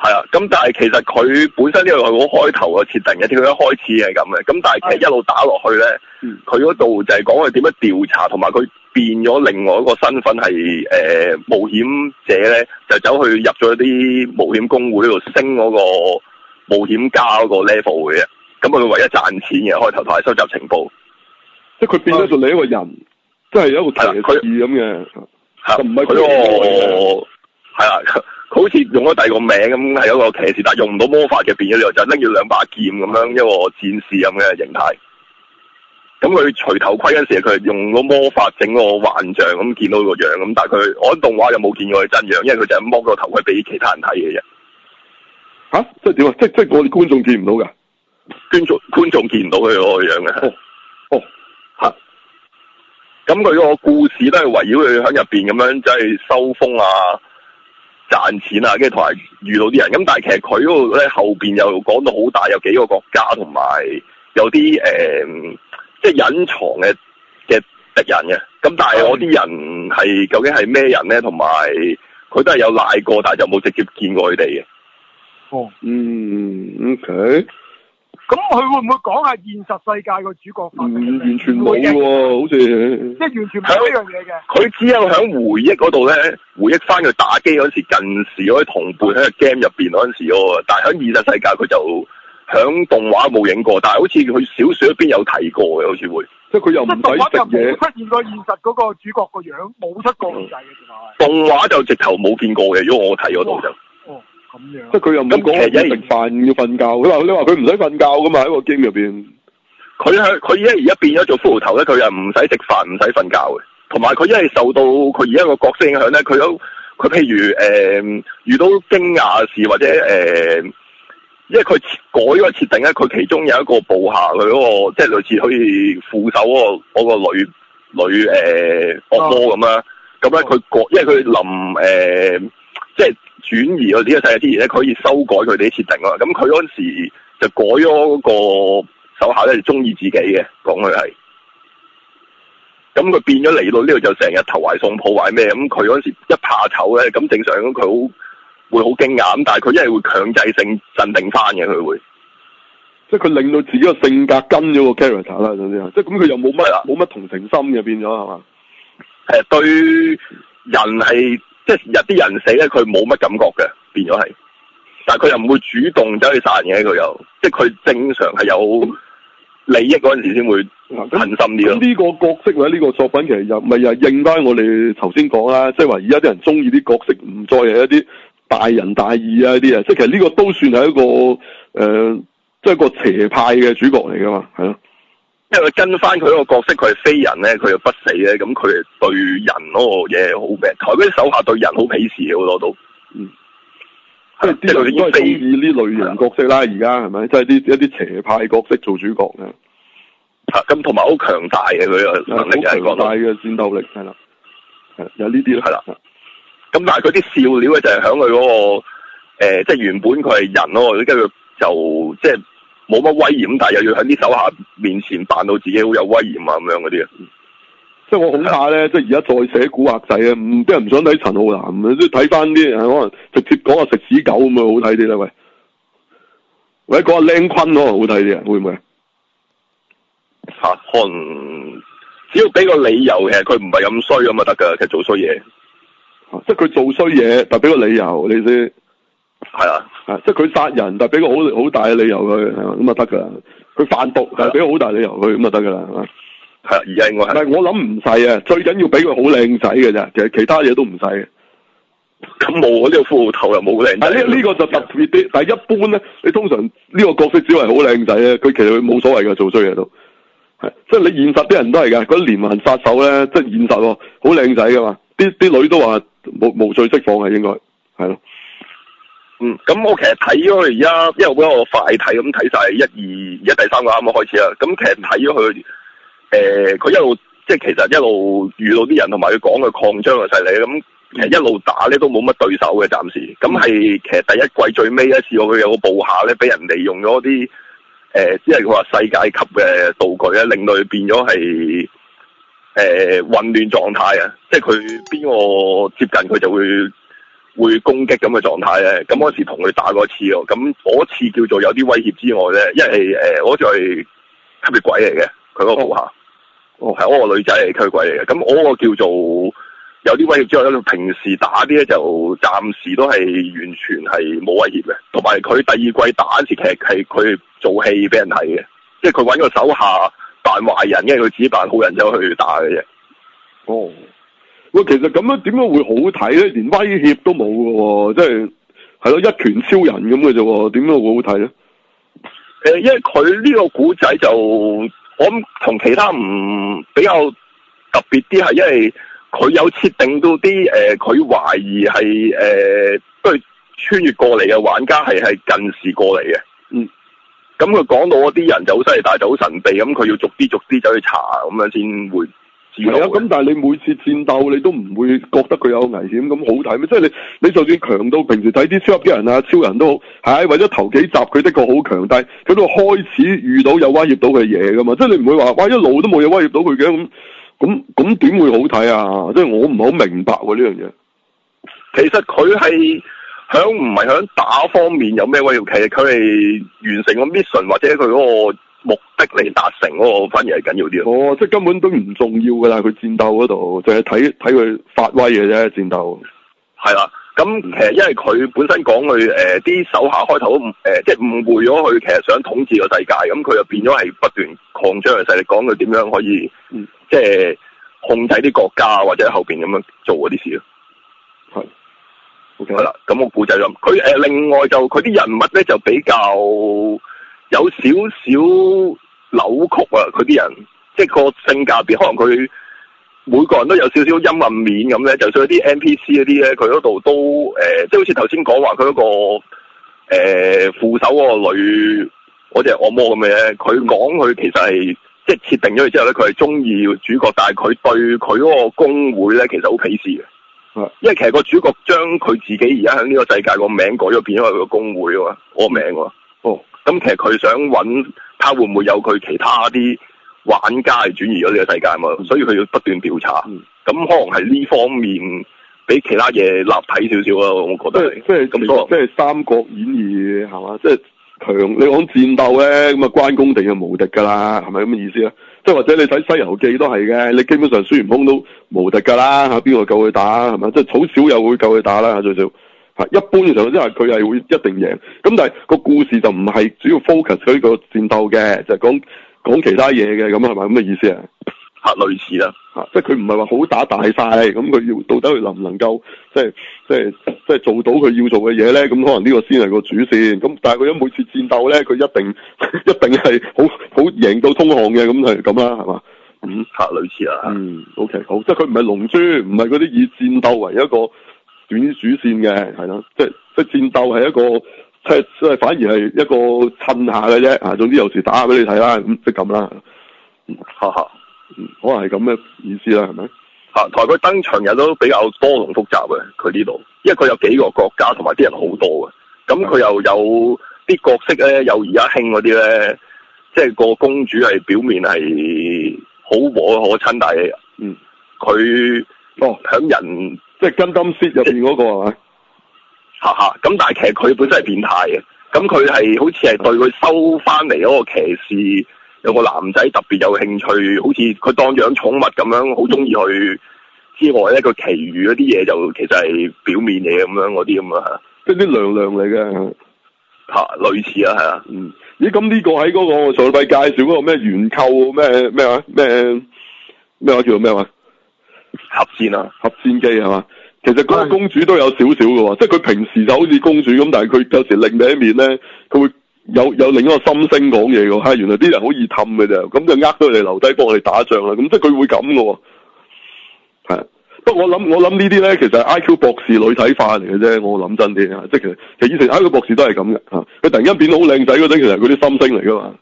係啊，咁但係其實佢本身呢個係好開頭嘅設定嘅，即係佢一開始係咁嘅。咁但係其實一路打落去咧，佢嗰度就係講佢點樣調查，同埋佢變咗另外一個身份係誒冒險者咧，就走去入咗啲冒險公會呢度升嗰個冒險家嗰個 level 嘅。咁佢的唯一賺錢嘅開頭就係收集情報，即係佢變咗做另一個人，的即係一個騎士咁嘅，就唔係佢係啦，佢好似用咗第二個名咁，係有一個騎士，但係用唔到魔法嘅，變咗你就拎住兩把劍咁樣一個戰士咁嘅形態。咁佢除頭盔嗰陣時候，佢用個魔法整個幻象咁見到個樣咁，但係佢我啲動畫又冇見到佢真樣，因為佢就咁剝個頭盔俾其他人睇嘅啫。吓？即係點啊？即即係我哋觀眾見唔到噶？觀眾觀眾見唔到佢個樣嘅？哦哦，吓。咁佢個故事都係圍繞佢響入邊咁樣，就係收風啊。賺錢啊，跟住同埋遇到啲人，咁但係其實佢嗰度咧後邊又講到好大，有幾個國家同埋有啲誒、呃，即係隱藏嘅嘅敵人嘅。咁但係我啲人係、嗯、究竟係咩人咧？同埋佢都係有賴過，但係就冇直接見過佢哋嘅。哦，嗯，OK。咁佢會唔會講下現實世界個主角發？唔、嗯、完全冇喎、啊，會好似即完全係呢樣嘢嘅。佢只有喺回憶嗰度咧，回憶翻佢打機嗰時近時嗰啲同伴喺個 game 入面嗰陣時喎。但係喺現實世界佢就喺動畫冇影過。但係好似佢小説入邊有睇過嘅，好似會。即係佢又唔。唔會出現過現實嗰個主角個樣，冇出過世嘅、嗯、動畫就直頭冇見過嘅，嗯、如果我睇嗰度就。樣即係佢又唔咁講，一定食飯要瞓覺。佢話你話佢唔使瞓覺噶嘛喺個 game 入邊。佢係佢因為而家變咗做骷髏頭咧，佢又唔使食飯，唔使瞓覺嘅。同埋佢因為受到佢而家個角色影響咧，佢都佢譬如誒、呃、遇到驚訝事或者誒、呃，因為佢改咗設定咧，佢其中有一個部下，佢嗰、那個即係、就是、類似可以副手嗰、那個那個女女誒惡、呃、魔咁啦。咁咧佢個因為佢臨誒、呃、即係。轉移去呢個世界之前咧，佢可以修改佢哋啲設定啊。咁佢嗰時就改咗嗰個手下咧，就中意自己嘅，講佢係。咁佢變咗嚟到呢度就成日頭懷送抱懷咩咁？佢嗰時一怕醜咧，咁正常佢好會好驚訝咁，但係佢一係會強制性鎮定翻嘅，佢會。即係佢令到自己個性格跟咗個 character 啦，總之即係咁佢又冇乜冇乜同情心嘅，變咗係嘛？誒對人係。即係有啲人死咧，佢冇乜感覺嘅，變咗係，但係佢又唔會主動走去殺人嘅。佢又即係佢正常係有利益嗰陣時先會狠心啲咯。咁呢個角色或者呢個作品其實又咪又應翻我哋頭先講啦，即係話而家啲人中意啲角色唔再係一啲大仁大義啊啲啊，即係其實呢個都算係一個誒，即、呃、係一個邪派嘅主角嚟噶嘛，係咯。因為佢跟翻佢嗰個角色，佢係非人咧，佢又不死咧，咁佢對人嗰個嘢好咩？台北手下對人好鄙視好多都，嗯，是即係啲人應該中意呢類型角色啦，而家係咪？即係啲一啲邪派角色做主角嘅。啊，咁同埋好強大嘅佢嘅能力，係啦，好強大嘅戰鬥力，係啦，有呢啲係啦。咁但係佢啲笑料咧就係響佢嗰個誒、呃，即係原本佢係人咯，跟住就即係。冇乜威嚴，但又要喺啲手下面前扮到自己好有威嚴啊，咁樣嗰啲啊。即係我恐怕咧，的即係而家再寫古惑仔啊，唔俾人唔想睇陳浩南，即睇翻啲可能直接講下食屎狗咁咪好睇啲啦。喂，喂，講下靚坤可好睇啲啊，會唔會吓、啊，可能只要俾個理由，其實佢唔係咁衰咁啊，得噶。其實做衰嘢、啊，即係佢做衰嘢，但係俾個理由你先。係啊，即係佢殺人，但係俾個好好大嘅理由佢，咁啊得噶。佢販毒，但係俾個好大理由佢，咁就得噶啦，係嘛？係，而家我但係，我諗唔使啊，最緊要俾佢好靚仔嘅咋，其實其他嘢都唔使。咁冇啊，呢個骷髏頭又冇靚。但呢呢個就特別啲，但係一般咧，你通常呢個角色只係好靚仔啊。佢其實佢冇所謂噶，做衰嘢都係，即係你現實啲人都係噶，嗰啲連環殺手咧，即係現實，好靚仔噶嘛，啲啲女都話無無罪釋放係應該，係咯。嗯，咁我其實睇咗佢而家因為，我快睇咁睇晒一二一第三個啱啱開始啦。咁其實睇咗佢，誒，佢一路即係其實一路遇到啲人同埋佢講嘅擴張嘅勢力，咁其實一路打咧都冇乜對手嘅暫時。咁係其實第一季最尾一次，佢有個部下咧俾人利用咗啲誒，即係佢話世界級嘅道具咧，令到佢變咗係誒混亂狀態啊！即係佢邊個接近佢就會。會攻擊咁嘅狀態咧，咁嗰次同佢打過一次哦，咁嗰次叫做有啲威脅之外咧，因為誒，我就係吸血鬼嚟嘅，佢個手下，哦，係、哦、我女個女仔係吸血鬼嚟嘅，咁我個叫做有啲威脅之外咧，平時打啲咧就暫時都係完全係冇威脅嘅，同埋佢第二季打嗰次劇係佢做戲俾人睇嘅，即係佢搵個手下扮壞人，因為佢自己扮好人走去打嘅啫。哦。喂，其實咁樣點樣會好睇咧？連威脅都冇喎，即係係咯，一拳超人咁嘅啫，點解會好睇咧？誒，因為佢呢個古仔就我諗同其他唔比較特別啲係，因為佢有設定到啲誒，佢、呃、懷疑係誒、呃、都係穿越過嚟嘅玩家，係係近視過嚟嘅，嗯。咁佢講到嗰啲人就好犀利，但就好神秘，咁、嗯、佢要逐啲逐啲走去查，咁樣先會。係啊，咁但係你每次戰鬥你都唔會覺得佢有危險，咁好睇咩？即係你你就算強到平時睇啲超級人啊、超人都好，係為咗頭幾集佢的確好強，但係佢都開始遇到有威脅到嘅嘢噶嘛？即係你唔會話哇一路都冇嘢威脅到佢嘅，咁咁咁點會好睇啊？即係我唔係好明白喎呢樣嘢。其實佢係響唔係響打方面有咩威脅？其實佢係完成個 mission 或者佢嗰個。目的嚟達成嗰個反而係緊要啲哦，即係根本都唔重要噶啦，佢戰鬥嗰度，就係睇睇佢發威嘅啫，戰鬥。係啦，咁其實因為佢本身講佢誒啲手下開頭都唔誒、呃，即係誤會咗佢其實想統治個世界，咁佢又變咗係不斷擴張嘅勢力，講佢點樣可以，嗯、即係控制啲國家或者後邊咁樣做嗰啲事咯。係的，好啦 Okay.，咁我估就咁。佢誒、呃，另外就佢啲人物咧就比較。有少少扭曲啊！佢啲人即係個性格邊，可能佢每個人都有少少陰暗面咁咧，就算一啲 N P C 嗰啲咧，佢嗰度都誒、呃，即係好似頭先講話佢嗰個誒、呃、副手嗰個女嗰隻惡魔咁嘅呢，佢講佢其實係即係設定咗佢之後咧，佢係中意主角，但係佢對佢嗰個公會咧，其實好鄙視嘅。啊、因為其實個主角將佢自己而家喺呢個世界個名改咗變咗佢個公會嘛，我名㗎。哦。咁其實佢想揾，他會唔會有佢其他啲玩家係轉移咗呢個世界嘛？嗯、所以佢要不斷調查。咁、嗯、可能係呢方面比其他嘢立體少少咯，我覺得。即係咁講，即係三國演義係嘛？即係強，你講戰鬥咧，咁啊關公定係無敵噶啦，係咪咁嘅意思啊？即係或者你睇西遊記都係嘅，你基本上孫悟空都無敵噶啦吓，邊個夠佢打係咪？即係好少有會夠佢打啦，最少。一般嘅情況之下，佢係會一定贏。咁但係個故事就唔係主要 focus 喺呢個戰鬥嘅，就係講講其他嘢嘅，咁係咪咁嘅意思啊？啊，類似啦，即係佢唔係話好打大晒，咁佢要到底佢能唔能夠，即係即係即係做到佢要做嘅嘢咧？咁可能呢個先係個主線。咁但係佢喺每次戰鬥咧，佢一定一定係好好贏到通項嘅，咁係咁啦，係嘛？嗯，啊，類似啦。嗯，OK，好，即係佢唔係龍珠，唔係嗰啲以戰鬥為一個。轉主線嘅，係咯，即即戰鬥係一個，即即係反而係一個襯下嘅啫，吓，總之有時打下俾你睇啦，咁即咁啦，可能係咁嘅意思啦，係咪？吓，台北登場也都比較多同複雜嘅，佢呢度，因為佢有幾個國家同埋啲人好多嘅，咁佢又有啲角色咧，有而家興嗰啲咧，即係個公主係表面係好和可親，嘅、嗯、人。嗯，佢，哦，響人。即係金金 s 入邊嗰個係咪？吓吓，咁但係其實佢本身係變態嘅，咁佢係好似係對佢收翻嚟嗰個騎士有個男仔特別有興趣，好似佢當養寵物咁樣，好中意佢之外咧，佢其餘嗰啲嘢，就其實係表面嘢咁樣嗰啲咁啊，即係啲娘娘嚟嘅吓，類似啊係啊，嗯，嗯，咦咁呢個喺嗰、那個傻閪介紹嗰個咩原扣咩咩話咩咩話叫咩話？合戰啊，合戰機係嘛？其實嗰個公主都有少少嘅，對即係佢平時就好似公主咁，但係佢有時另一面咧，佢會有有另一個心聲講嘢嘅。吓、哎，原來啲人好易氹嘅啫，咁就呃咗佢哋留低幫我哋打仗啦。咁即係佢會咁嘅，係。不過我諗我諗呢啲咧，其實是 I Q 博士女體化嚟嘅啫。我諗真啲啊，即係其實其實以前 I Q 博士都係咁嘅。吓、啊，佢突然間變到好靚仔嗰陣，其實佢啲心聲嚟噶嘛。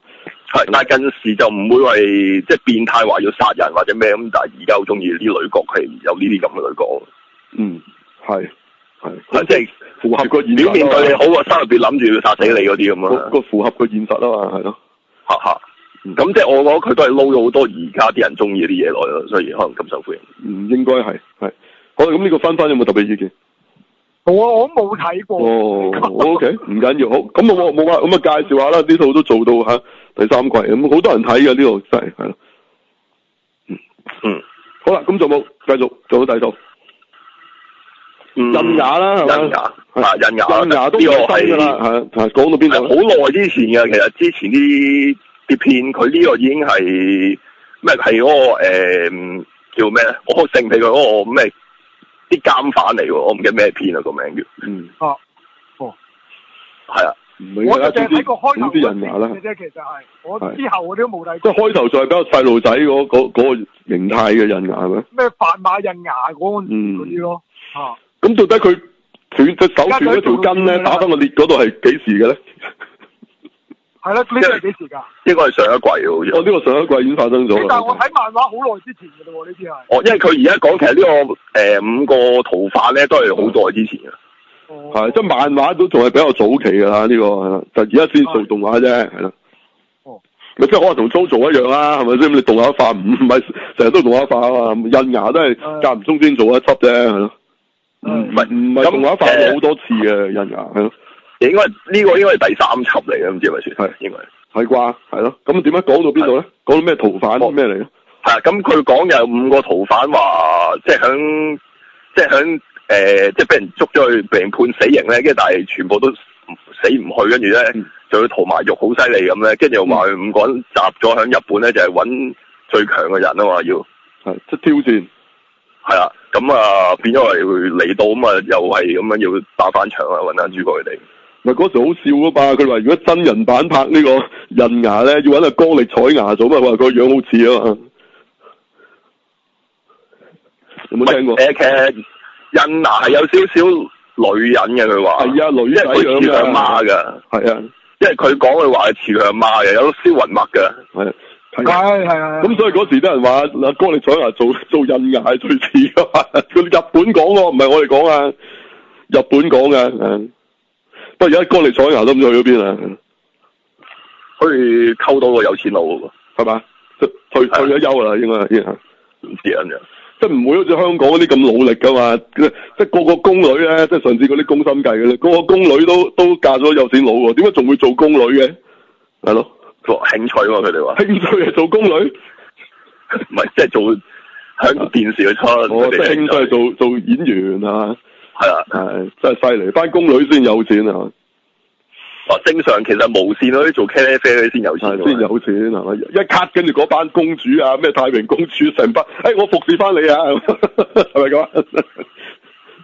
係，但近時就唔會為即係變態話要殺人或者咩咁，但係而家好中意啲女角係有呢啲咁嘅女角。嗯，係係，即係是符合個現實表面對你好啊，心入邊諗住要殺死你嗰啲咁啊。個、嗯、是符合個現實啊嘛，係咯。吓吓、嗯、咁、嗯、即係我覺得佢都係撈咗好多而家啲人中意啲嘢落咯，所以可能咁受歡迎。唔應該係係。好，咁呢個分分有冇特別意見？好啊，我我冇睇過。哦，O K，唔緊要，好。咁我冇啊，咁啊介紹下啦，呢套都做到吓。第三季咁好多人睇㗎，呢個真係係咯，嗯嗯，好啦，咁仲冇繼續做到第度，刃、嗯、牙啦，刃牙，係刃、啊、牙，刃牙都唔細噶啦，係講到邊啊？好耐之前嘅，其實之前啲啲片佢呢個已經係咩係嗰個誒、呃、叫咩咧？嗰個性佢。嗰個咩啲監犯嚟喎？我唔、那個、記得咩片啦個名叫，嗯，啊，哦，係啊。我就淨睇個開頭啲刃牙啦，啫其實係我之後嗰啲都冇睇。即係開頭再係比較細路仔嗰個形態嘅刃牙係咩範馬刃牙嗰嗰啲咯？咁到底佢斷隻手斷咗條筋咧，打翻個裂嗰度係幾時嘅咧？係啦呢個係幾時噶？應該係上一季好似。我呢個上一季已經發生咗。但係我睇漫畫好耐之前嘅咯喎，呢啲係。哦，因為佢而家講其實呢個誒五個逃犯咧都係好耐之前係， <music> 即係漫畫都仲係比較早期噶啦呢個，就而家先做動畫啫，係咯。咪 <music> 即係我話同 JoJo 一樣啦，係咪先？咁你動畫化唔咪成日都動畫化啊？刃牙都係間唔中先做一輯啫，係咯。唔咪唔咪動畫化咗好多次嘅刃牙，係咯。 <music> 是應該呢、這個應該係第三輯嚟嘅，唔知係咪先？係是應該係啩，係咯。咁點啊？講到邊度咧？講到咩逃犯咩嚟咧？係啊，咁佢講有五個逃犯話，即係響，即係響。誒、呃，即係俾人捉咗去，俾人判死刑咧。跟住但係全部都死唔去，跟住咧就要塗埋肉，好犀利咁咧。跟住又話五個人集咗響日本咧，就係、是、搵最強嘅人啊嘛，要即挑戰，係啦。咁、嗯、啊、呃，變咗係嚟到咁啊，又係咁樣要打翻場啊，搵翻主角佢哋。咪係嗰時好笑啊嘛？佢話如果真人版拍呢個刃牙咧，要搵阿光力彩牙做嘛？話個樣好似啊嘛， <laughs> 有冇聽過？ <laughs> 印刃牙係有少少女人嘅，佢話係啊女仔樣嘅，係啊，因為佢講佢話係似佢阿媽嘅，有少雲墨嘅，係係係，咁所以嗰時都有人話阿剛力彩芽做做印刃牙最似嘅，佢日本講嘅，唔係我哋講啊，日本講嘅，不過而家剛力彩芽都唔知去咗邊啊，可以溝到個有錢佬喎，係嘛，退退退咗休啦，應該係，唔知啊即係唔會好似香港嗰啲咁努力噶嘛，即係個個宮女咧，即係上次嗰啲宮心計嘅啫，個個宮女都都嫁咗有錢佬喎，點解仲會做宮女嘅？係咯，做興趣喎。佢哋話興趣啊，興趣係做宮女？唔係， <laughs> 即係做響電視嗰陣，我哋、啊、興趣係做、啊、做演員吓，係啊、係、啊、真係犀利，翻宮女先有錢啊！正常其實無線嗰啲做茄喱啡你先有錢，先有錢係一 cut 跟住嗰班公主啊，咩太平公主成班，哎我服侍翻你啊，係咪咁？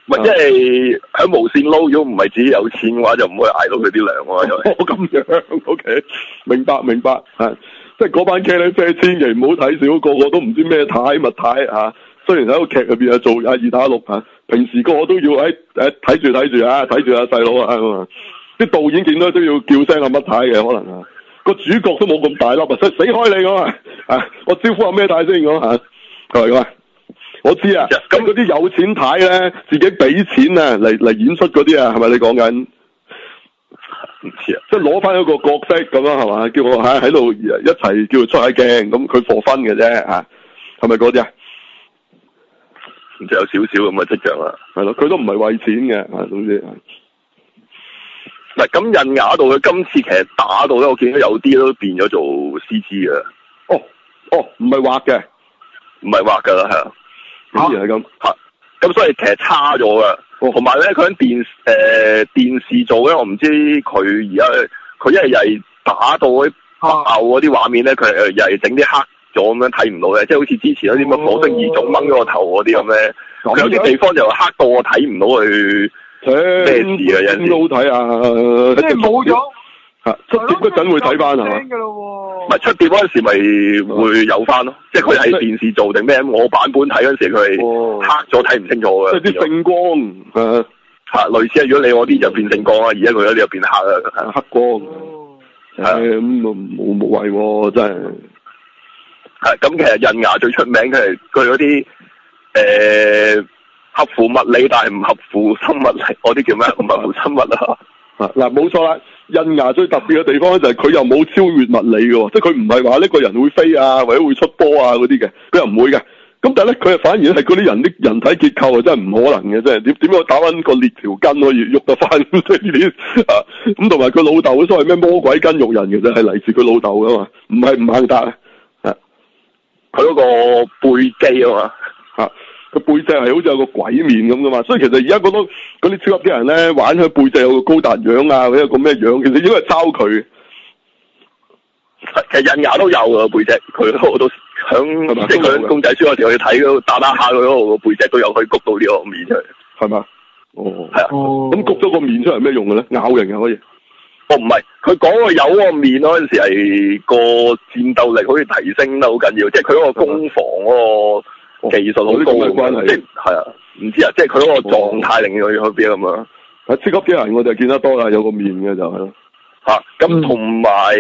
唔係，即係喺無線撈，如果唔係自己有錢嘅話，就唔會捱到佢啲糧我咁樣，OK，明白明白，係、啊、即係嗰班茄喱啡千祈唔好睇少，個個都唔知咩太物太嚇、啊。雖然喺個劇入邊啊做啊二打六嚇、啊，平時個個都要喺誒睇住睇住啊，睇住阿細佬啊。啲導演見到都要叫聲阿乜太嘅，可能啊，個主角都冇咁大粒啊，死死開你咁啊！啊，我招呼下咩太先咁吓，係咪咁啊是是？我知啊，咁嗰啲有錢太咧，自己俾錢啊嚟嚟演出嗰啲啊，係咪你講緊？唔知啊，即係攞翻一個角色咁樣係嘛，叫我喺度一齊叫佢出下鏡咁，佢貨分嘅啫吓，係咪嗰啲啊？就有少少咁嘅跡象啦，係咯，佢都唔係為錢嘅啊，總之。嗱咁印雅度佢今次其實打到咧，我見到有啲都變咗做 C G 啊。哦，哦，唔係畫嘅，唔係畫㗎啦，係啊。點解係咁？嚇、啊，咁所以其實差咗嘅。同埋咧，佢喺電誒、呃、電視做咧，我唔知佢而家佢一係又係打到啲特效嗰啲畫面咧，佢誒又係整啲黑咗咁樣睇唔到嘅，即係好似之前嗰啲乜火星二種掹咗個頭嗰啲咁咧，哦、有啲地方就黑到我睇唔到佢。咩事啊？咁都好睇啊！即係冇咗，出碟嗰陣會睇翻係嘛？唔係出碟嗰陣時咪會有翻咯，即係佢喺電視做定咩？我版本睇嗰陣時佢係黑咗睇唔清楚嘅，啲聖光，吓類似啊！如果你我啲就變聖光啊，而家佢嗰啲入面黑啊，黑光。誒，咁啊冇冇謂真係。係咁，其實刃牙最出名佢係佢嗰啲誒。符物理，但係唔合符生物理，嗰啲叫咩？唔 <laughs> 合符生物 <music> 啊！嗱，冇錯啦。刃牙最特別嘅地方咧，就係佢又冇超越物理嘅，即係佢唔係話呢個人會飛啊，或者會出波啊嗰啲嘅，佢又唔會嘅。咁但係咧，佢啊反而係嗰啲人啲人體結構 <laughs> 啊，真係唔可能嘅，即係點點樣打翻個裂條筋可以喐得翻咁多啊？咁同埋佢老豆所謂咩魔鬼筋肉人嘅啫，係嚟自佢老豆噶嘛，唔係唔肯得啊？佢嗰個背肌啊嘛。個背脊係好似有個鬼面咁噶嘛，所以其實而家好多嗰啲超級啲人咧，玩佢背脊有個高達樣啊，或者有個咩樣，其實應該係抄佢。其實刃牙都有啊，背脊，佢我都響即係佢公仔書嗰時去睇打打下佢嗰度個背脊，都有，去谷到呢個面出，嚟，係嘛？哦，係啊，咁谷咗個面出嚟咩用嘅咧？咬人嘅可以？哦唔係，佢講係有個面嗰陣時係個戰鬥力可以提升得好緊要，即係佢嗰個攻防嗰其實好啲咩關係？即係啊，唔知啊，即係佢嗰個狀態令佢去變咁樣。啊，史級啲人我就見得多啦，有個面嘅就係啦。嚇，咁同埋誒，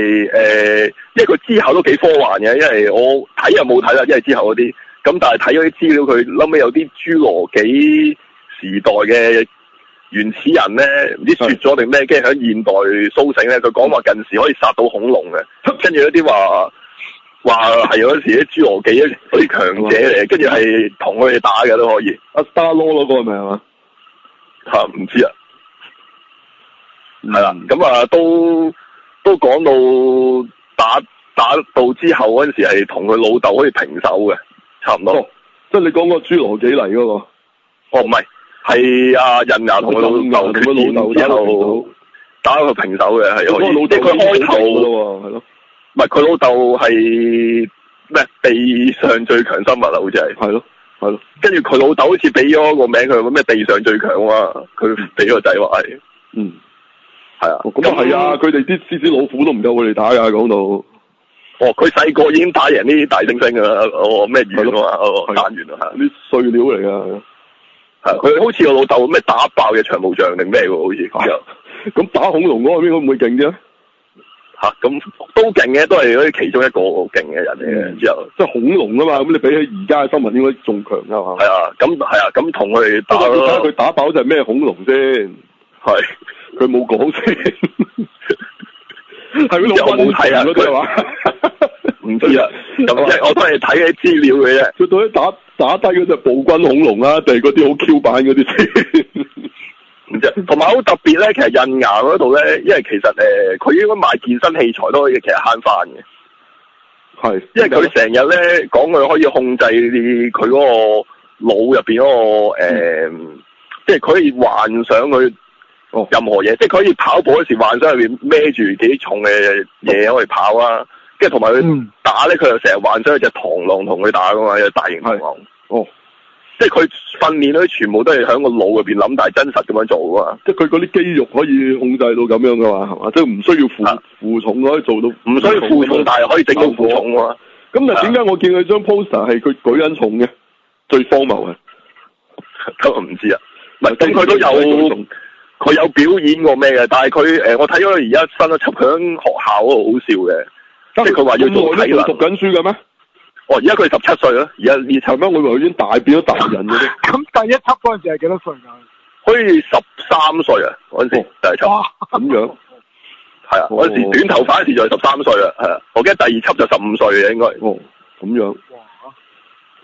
因為佢之後都幾科幻嘅，因為我睇又冇睇啦，因為之後嗰啲。咁但係睇嗰啲資料，佢後屘有啲侏羅紀時代嘅原始人咧，唔知説咗定咩，跟住喺現代蘇醒咧，佢講話近時可以殺到恐龍嘅，跟住有啲話。話係有時啲侏羅紀啊，好強者嚟，跟住係同佢哋打嘅都可以。阿 Star Lo 嗰個係咪啊？吓，唔知啊，係啦咁啊，都都講到打打到之後嗰陣時係同佢老豆可以平手嘅，差唔多。哦、即係你講個侏羅紀嚟嗰個？哦，唔係，係阿刃牙同佢龍嘅老豆一路打到平手嘅，係可以。我老即係佢開頭係咯。唔係佢老豆係咩地上最強生物啊？好似係係咯，係咯。跟住佢老豆好似俾咗個名佢，咩地上最強啊？佢俾個仔話係嗯係啊，咁啊係啊。佢哋啲獅子老虎都唔夠佢哋打噶講到。哦，佢細個已經打贏呢啲大猩猩噶啦。哦咩魚啊？哦打完啊吓，啲碎料嚟噶。係佢好似個老豆咩打爆嘅長毛象定咩？好似咁打恐龍嗰個邊會唔會勁啫？吓，咁都勁嘅，都係啲其中一個好勁嘅人嚟嘅。之後、嗯啊、即係恐龍啊嘛，咁你比起而家嘅新聞應該仲強啊嘛。係啊，咁係啊，咁同佢打佢打爆嗰隻咩恐龍先？係是，佢冇講先。係老我冇睇到佢啊唔知啊，即係我都係睇啲資料嘅啫。佢到底打打低嗰隻暴君恐龍啦、啊，定係嗰啲好 Q 版嗰啲？ <laughs> 同埋好特別咧，其實刃牙嗰度咧，因為其實誒，佢、呃、應該賣健身器材都可以，其實慳翻嘅。係，因為佢成日咧講佢可以控制佢嗰個腦入邊嗰個、呃嗯、即係佢可以幻想佢任何嘢，哦、即係佢可以跑步嗰時幻想入邊孭住幾重嘅嘢可以跑啊。跟住同埋佢打咧，佢又成日幻想有隻螳螂同佢打噶嘛，有大型螳螂。即係佢訓練嗰啲全部都係喺個腦入邊諗，但係真實咁樣做啊！即係佢嗰啲肌肉可以控制到咁樣噶嘛，係嘛？即係唔需要負負、啊、重可以做到，唔需要負重，負重，但係可以整到負重喎。咁但點解我見佢張 poster 係佢舉緊重嘅，啊、最荒謬嘅。我唔 <laughs> 知啊，唔係佢都有，佢有表演過咩嘅？但係佢誒，我睇咗佢而家新一輯響學校嗰個好笑嘅，但 即係佢話要做體能。咁耐都仲讀緊書嘅咩？哦，而家佢十七歲咯，而家二先我以為佢已經大變咗大人嘅咧。咁 <laughs> 第一輯嗰陣時係幾多歲噶可以十三歲啊，嗰陣時、哦、第一輯咁樣，係啊哇，嗰陣時短頭髮嗰陣時就十三歲啦，係啊，我記得第二輯就十五歲嘅應該。咁、哦、樣。哇，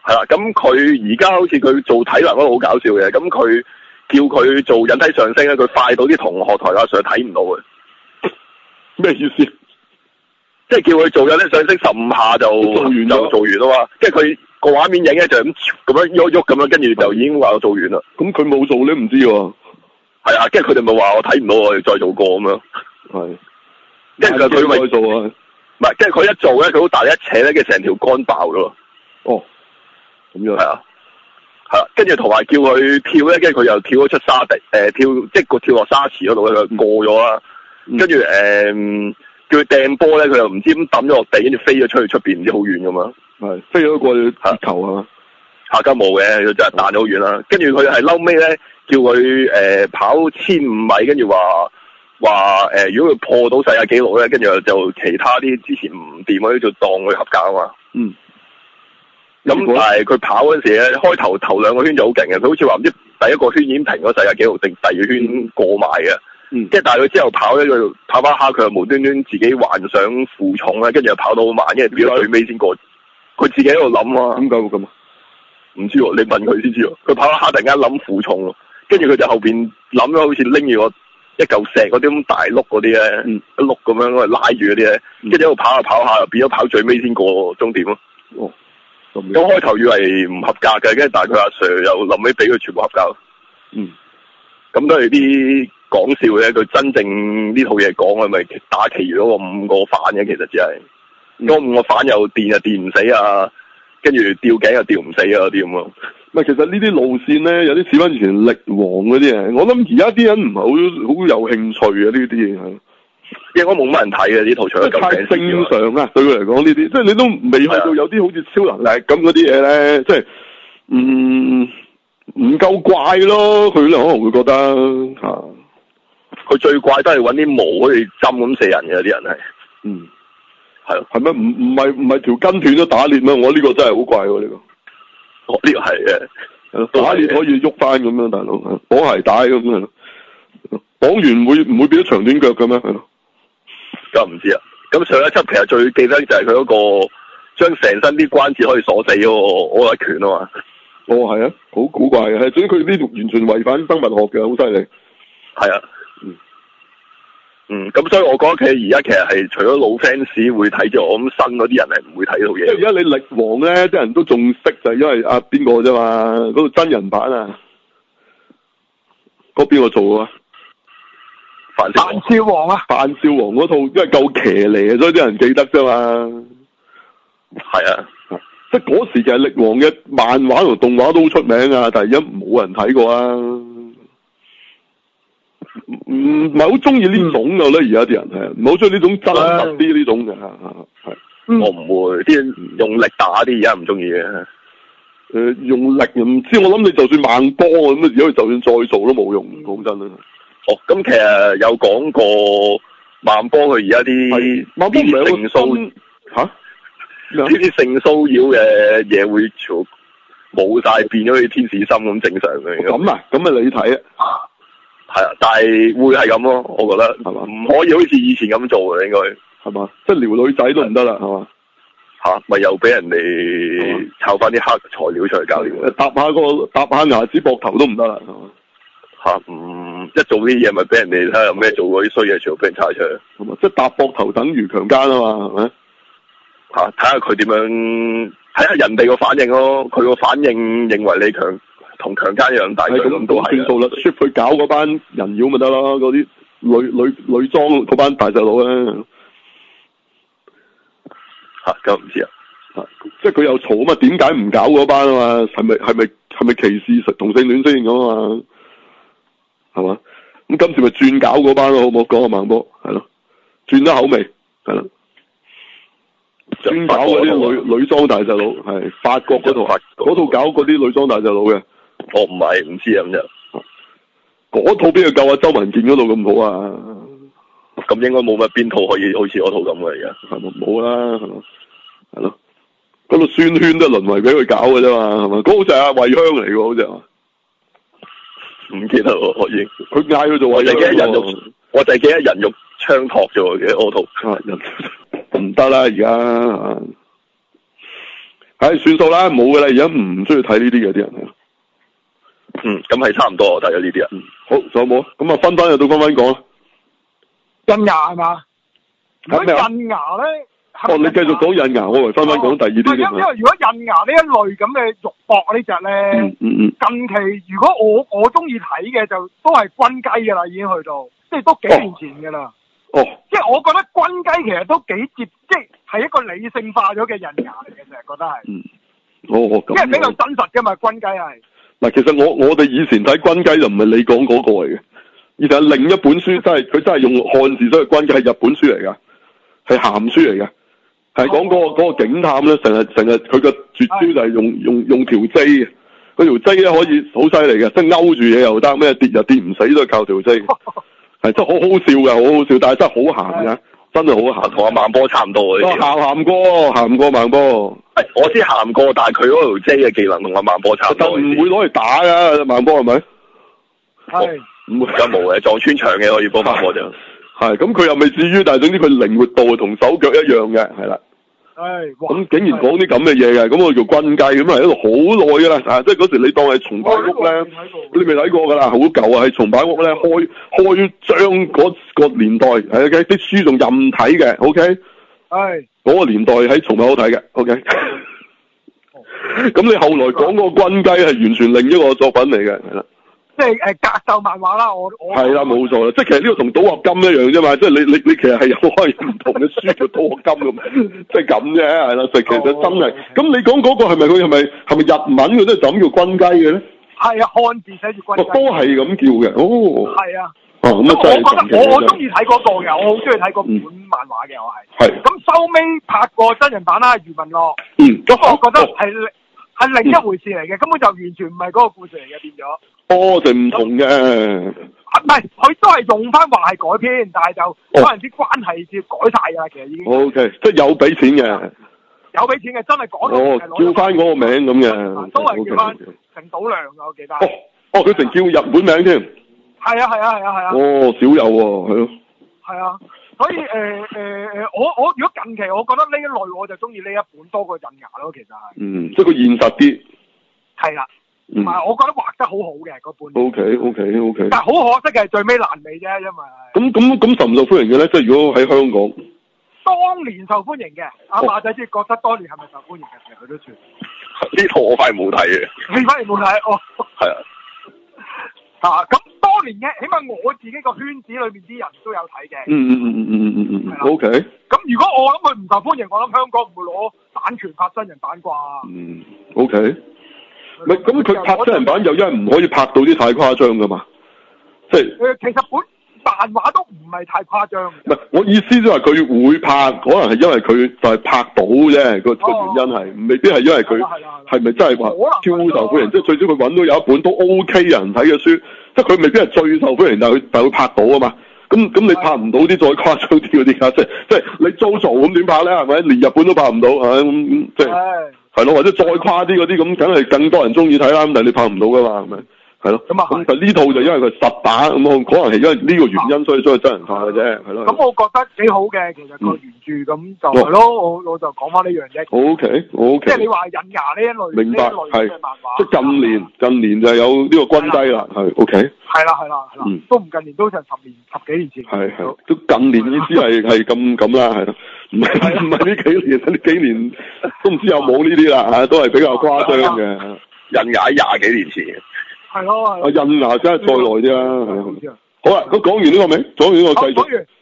係啦，咁佢而家好似佢做體能嗰度好搞笑嘅，咁佢叫佢做引體上升咧，佢快到啲同學台阿上 Sir 睇唔到嘅咩意思？即係叫佢做有啲上升十五下就做完，就做完啊嘛，即係佢個畫面影咧，就咁咁樣喐喐咁樣，跟住，就已經話我做完啦。咁佢冇做你唔知喎。係啊，跟住佢哋咪話我睇唔到，我哋再做過咁樣。係，跟住佢咪做啊？唔係？跟住佢一做咧，佢好大力一扯咧，跟住成條杆爆咯。哦，咁樣係啊，係跟住，同埋叫佢跳咧，跟住佢又跳咗出沙地，誒，跳，即係個跳落沙池嗰度咧，過咗啦。跟住誒。嗯叫佢掟波咧，佢又唔知咁抌咗落地，跟住飛咗出去出邊，唔知好遠咁嘛係飛咗過去球啊！下家冇嘅，真係彈咗好遠啦。嗯、跟住佢係嬲尾咧，叫佢誒、呃、跑千五米，跟住話話誒，如果佢破到世界紀錄咧，跟住就其他啲之前唔掂嗰啲就當佢合格啊嘛。嗯。咁但係佢跑嗰陣時咧，開頭頭兩個圈就好勁嘅，佢好似話唔知第一個圈已經停咗世界紀錄，定第二圈過埋嘅。嗯即係、嗯、但佢之後跑呢個跑翻下，佢又無端端自己幻想負重咧，跟住又跑到好慢，跟住變咗最尾先過。佢自己喺度諗啊，點解會咁啊？唔知喎，你問佢先知喎。佢跑翻下，突然間諗負重，跟住佢就後邊諗咗好似拎住個一嚿石嗰啲咁大碌嗰啲咧，嗯、一碌咁樣拉住嗰啲咧，跟住喺度跑下跑下，又變咗跑最尾先過終點咯。哦，咁開頭以為唔合格嘅，跟住但佢阿 Sir 又諗起俾佢全部合格。嗯，咁都係啲。講笑嘅，佢真正呢套嘢講，係咪打其餘嗰個五個反嘅、啊？其實只係嗰五個反又電又電唔死啊，跟住吊頸、啊、又吊唔死啊啲咁樣。其實呢啲路線咧，有啲似翻以前力王嗰啲啊。我諗而家啲人唔係好好有興趣啊，呢啲嘢應該冇乜人睇嘅呢套劇。太 <laughs> 正常啦，對佢嚟講呢啲，的即係你都未去到有啲好似超能力咁嗰啲嘢咧，即係唔唔夠怪咯。佢可能會覺得吓。啊佢最怪都係揾啲毛可以針咁射人嘅啲人係，嗯，係係咩？唔唔係唔係條筋斷咗打裂咩？我呢個真係好怪喎、啊、呢、呢個，呢、哦呢個係嘅、啊，打裂可以喐翻咁樣，是大佬綁鞋帶咁啊，綁完唔會唔會變咗長短腳嘅咩？咁唔知啊？咁上一輯其實最記得就係佢嗰個將成身啲關節可以鎖死嗰、那個握力、那個、拳啊嘛，哦係啊，好古怪嘅，係、啊，總之佢呢度完全違反生物學嘅，好犀利，係啊。嗯，咁所以我覺得佢而家其實係除咗老 fans 會睇住，咁新嗰啲人係唔會睇到嘢。因為而家你力王咧，啲人都仲識就係因為啊邊個啫嘛？嗰個真人版啊，嗰邊個做啊？范范少，少王啊？范少王嗰套因為夠騎呢嘅，所以啲人記得啫嘛。係啊，即係嗰時其實力王嘅漫畫同動畫都好出名啊，但係而家冇人睇過啊。唔唔係好中意呢種嘅咧，而家啲人係唔好中意呢種真實啲呢種嘅係，我唔會啲用力打啲而家唔中意嘅，誒、嗯嗯嗯嗯嗯、用力唔知我諗你就算萬波咁，如果而家就算再做都冇用，講真啦。哦，咁其實有講過萬波佢而家啲啲性素吓，啲、啊、性騷擾嘅嘢會做冇晒，變咗好似天使心咁正常嘅咁啊，咁啊你睇啊。係啊，但係會係咁咯，哦、我覺得係嘛，唔吧可以好似以前咁做嘅，應該係嘛，即係撩女仔都唔得啦，係嘛吓，咪吧、啊、又俾人哋炒翻啲黑材料出嚟搞掂。搭下個搭下牙齒膊頭都唔得啦，吓、啊，嗯，一做啲嘢咪俾人哋睇下有咩做過啲衰嘢，吧全部俾人踩出去。咁啊，即係搭膊頭等於強姦啊嘛，係咪？吓，睇下佢點樣，睇下人哋個反應咯，佢個反應認為你強。同強姦一樣大，咁唔都算數啦。s h i f 去搞嗰班人妖咪得啦，嗰啲女女女裝嗰班大細佬咧吓，咁唔知道啊，啊，即係佢又嘈啊嘛，點解唔搞嗰班啊嘛？係咪係咪咪歧視同性戀先咁啊嘛？係嘛？咁今次咪轉搞嗰班咯，啊，好冇好？講下波，係咯，轉咗口味，係咯，轉搞嗰啲女女裝大細佬，係法國嗰度，嗰度搞嗰啲女裝大細佬嘅。我唔係唔知啊咁就，嗰套邊度夠啊？周文健嗰套咁好啊？咁應該冇乜邊套可以好似我套咁嘅而家，係冇啦？係咯，嗰度宣萱都淪為俾佢搞嘅啫嘛，係咪？嗰、嗰個就係阿慧香嚟嘅，好似啊，唔記得喎，我應。佢嗌佢做啊人肉，我就係記得人肉槍托啫喎，記得我套。唔得 <laughs> 啦，而家，唉、哎，算數啦，冇嘅啦，而家唔中意睇呢啲嘅啲人嗯，咁係差唔多睇咗呢啲啊。嗯，好，仲有冇咁啊，分翻又到分分講刃牙係嘛？佢刃牙咧，哦，你繼續講刃牙，我嚟分分講第二啲，因為如果刃牙呢一類咁嘅肉搏呢隻咧，嗯嗯嗯、近期如果我我中意睇嘅就都係軍雞噶啦，已經去到，即係都幾年前噶啦。哦。即係我覺得軍雞其實都幾接，即係係一個理性化咗嘅刃牙嚟嘅啫，覺得係。嗯。哦哦。即係比較真實噶嘛，軍雞係。嗱，其實我我哋以前睇、嗰個《軍雞》就唔係你講嗰個嚟嘅，而係另一本書真係，佢真係佢真係用漢字寫嘅《軍雞》，係日本書嚟噶，係鹹書嚟嘅，係講嗰個警探咧，成日成日佢個絕招就係用用用條劑啊，佢條劑咧可以好犀利嘅，即係勾住嘢又得，咩跌又跌唔死都係靠條劑，係真係好好笑嘅，好好笑，但係真係好鹹嘅。真係好行，同阿孟波差唔多嘅。行行過，行過孟波。喂、哎，我先行過，但係佢嗰條 J 嘅技能同阿孟波差唔多。但唔會攞嚟打㗎，孟波係咪？係是。咁冇嘅，的 <laughs> 撞穿牆嘅可以幫下我球球就係，咁佢、哎哎、又未至於，但係總之佢靈活度同手腳一樣嘅，係啦。係，咁、哎、竟然講啲咁嘅嘢嘅，咁我叫軍雞咁嚟，喺度好耐噶啦，啊，即係嗰時你當係松柏屋咧，哦，這個、你未睇過噶啦，好舊啊，喺松柏屋咧開開張嗰個年代，係嘅，啲書仲任睇嘅，OK，係、哎，嗰個年代喺松柏屋睇嘅，OK，咁 <laughs> 你後來講嗰個軍雞係完全另一個作品嚟嘅，係啦。即係誒格鬥漫畫啦，我我係啦，冇錯啦，即係其實呢個同賭合金一樣啫嘛，即係你你你其實係有開唔同嘅書叫賭合金咁，即係咁啫，係啦，其實真係。咁你講嗰個係咪佢係咪係咪日文？佢都係咁叫軍雞嘅咧？係啊，漢字寫住軍雞。都係咁叫嘅，哦。係啊。我覺得我我中意睇嗰個嘅，我好中意睇嗰本漫畫嘅，我係。係。咁收尾拍過真人版啦，余文樂。嗯。咁我覺得係。係另一回事嚟嘅，根本就完全唔係嗰個故事嚟嘅，變咗。哦，定唔同嘅。啊，唔係，佢都係用翻話係改編，但係就、哦、可能啲關係要改晒啊，其實已經。O、okay, K，即係有俾錢嘅。有俾錢嘅，真係改咗，叫照翻嗰個名咁嘅。都係、啊啊、叫、啊、okay, okay. 成島良嘅，我記得。哦，啊、哦，佢成叫日本名添。係啊，係啊，係啊，係啊。哦，少有喎，係咯。係啊。是啊是啊 <laughs> 所以誒誒誒，我我如果近期，我覺得呢一類，我就中意呢一本多過《刃牙》咯，其實係。嗯，即係佢現實啲。係啦的。嗯。啊，我覺得畫得好好嘅個本。O K O K O K。Okay, okay, okay 但係好可惜嘅係最尾爛尾啫，因為。咁咁咁受唔受歡迎嘅咧？即係如果喺香港。當年受歡迎嘅，阿、啊、馬仔先覺得當年係咪受歡迎嘅？佢都算。呢套我反而冇睇嘅。你反而冇睇哦。係啊。咁、啊、多年嘅，起碼我自己個圈子裏面啲人都有睇嘅、嗯。嗯嗯嗯嗯嗯嗯嗯。O、嗯、K。咁的 Okay. 如果我諗佢唔受歡迎，我諗香港唔會攞版權拍真人版啩？嗯，O K。唔係，咁佢拍真人版又因為唔可以拍到啲太誇張噶嘛？係、呃。其實本。但話都唔係太誇張。唔係我意思即係佢會拍，可能係因為佢就係拍到啫。個個、哦、原因係，未必係因為佢係咪真係話超受歡迎，啊啊、即係最少佢揾到有一本都 OK 人睇嘅書，即係佢未必係最受歡迎，但係佢但係拍到啊嘛。咁咁你拍唔到啲、啊、再誇張啲嗰啲啊？即係即係你 JoJo 咁點拍咧？係咪連日本都拍唔到？係、嗯、咁即係係咯，啊、或者再誇啲嗰啲咁，梗係、啊、更多人中意睇啦。咁但係你拍唔到噶嘛？係咪？係咯，咁啊，就呢套就因為佢十版，咁可能係因為呢個原因，所以所以真人化嘅啫，係咯。咁我覺得幾好嘅，其實個原著，咁就係咯，我我就講翻呢樣啫。O K，O K。即係你話刃牙呢一類，明白？類即係近年，近年就有呢個軍低啦，係 O K。係啦，係啦，係啦，都唔近年，都成十年、十幾年前。係係，都近年先係係咁咁啦，係咯，唔係唔係呢幾年，呢幾年都唔知有冇呢啲啦，都係比較誇張嘅，刃牙喺廿幾年前。係咯，阿印娜真係再耐啲啦，係啊。好啊，咁講的完呢個名，講完呢個繼續。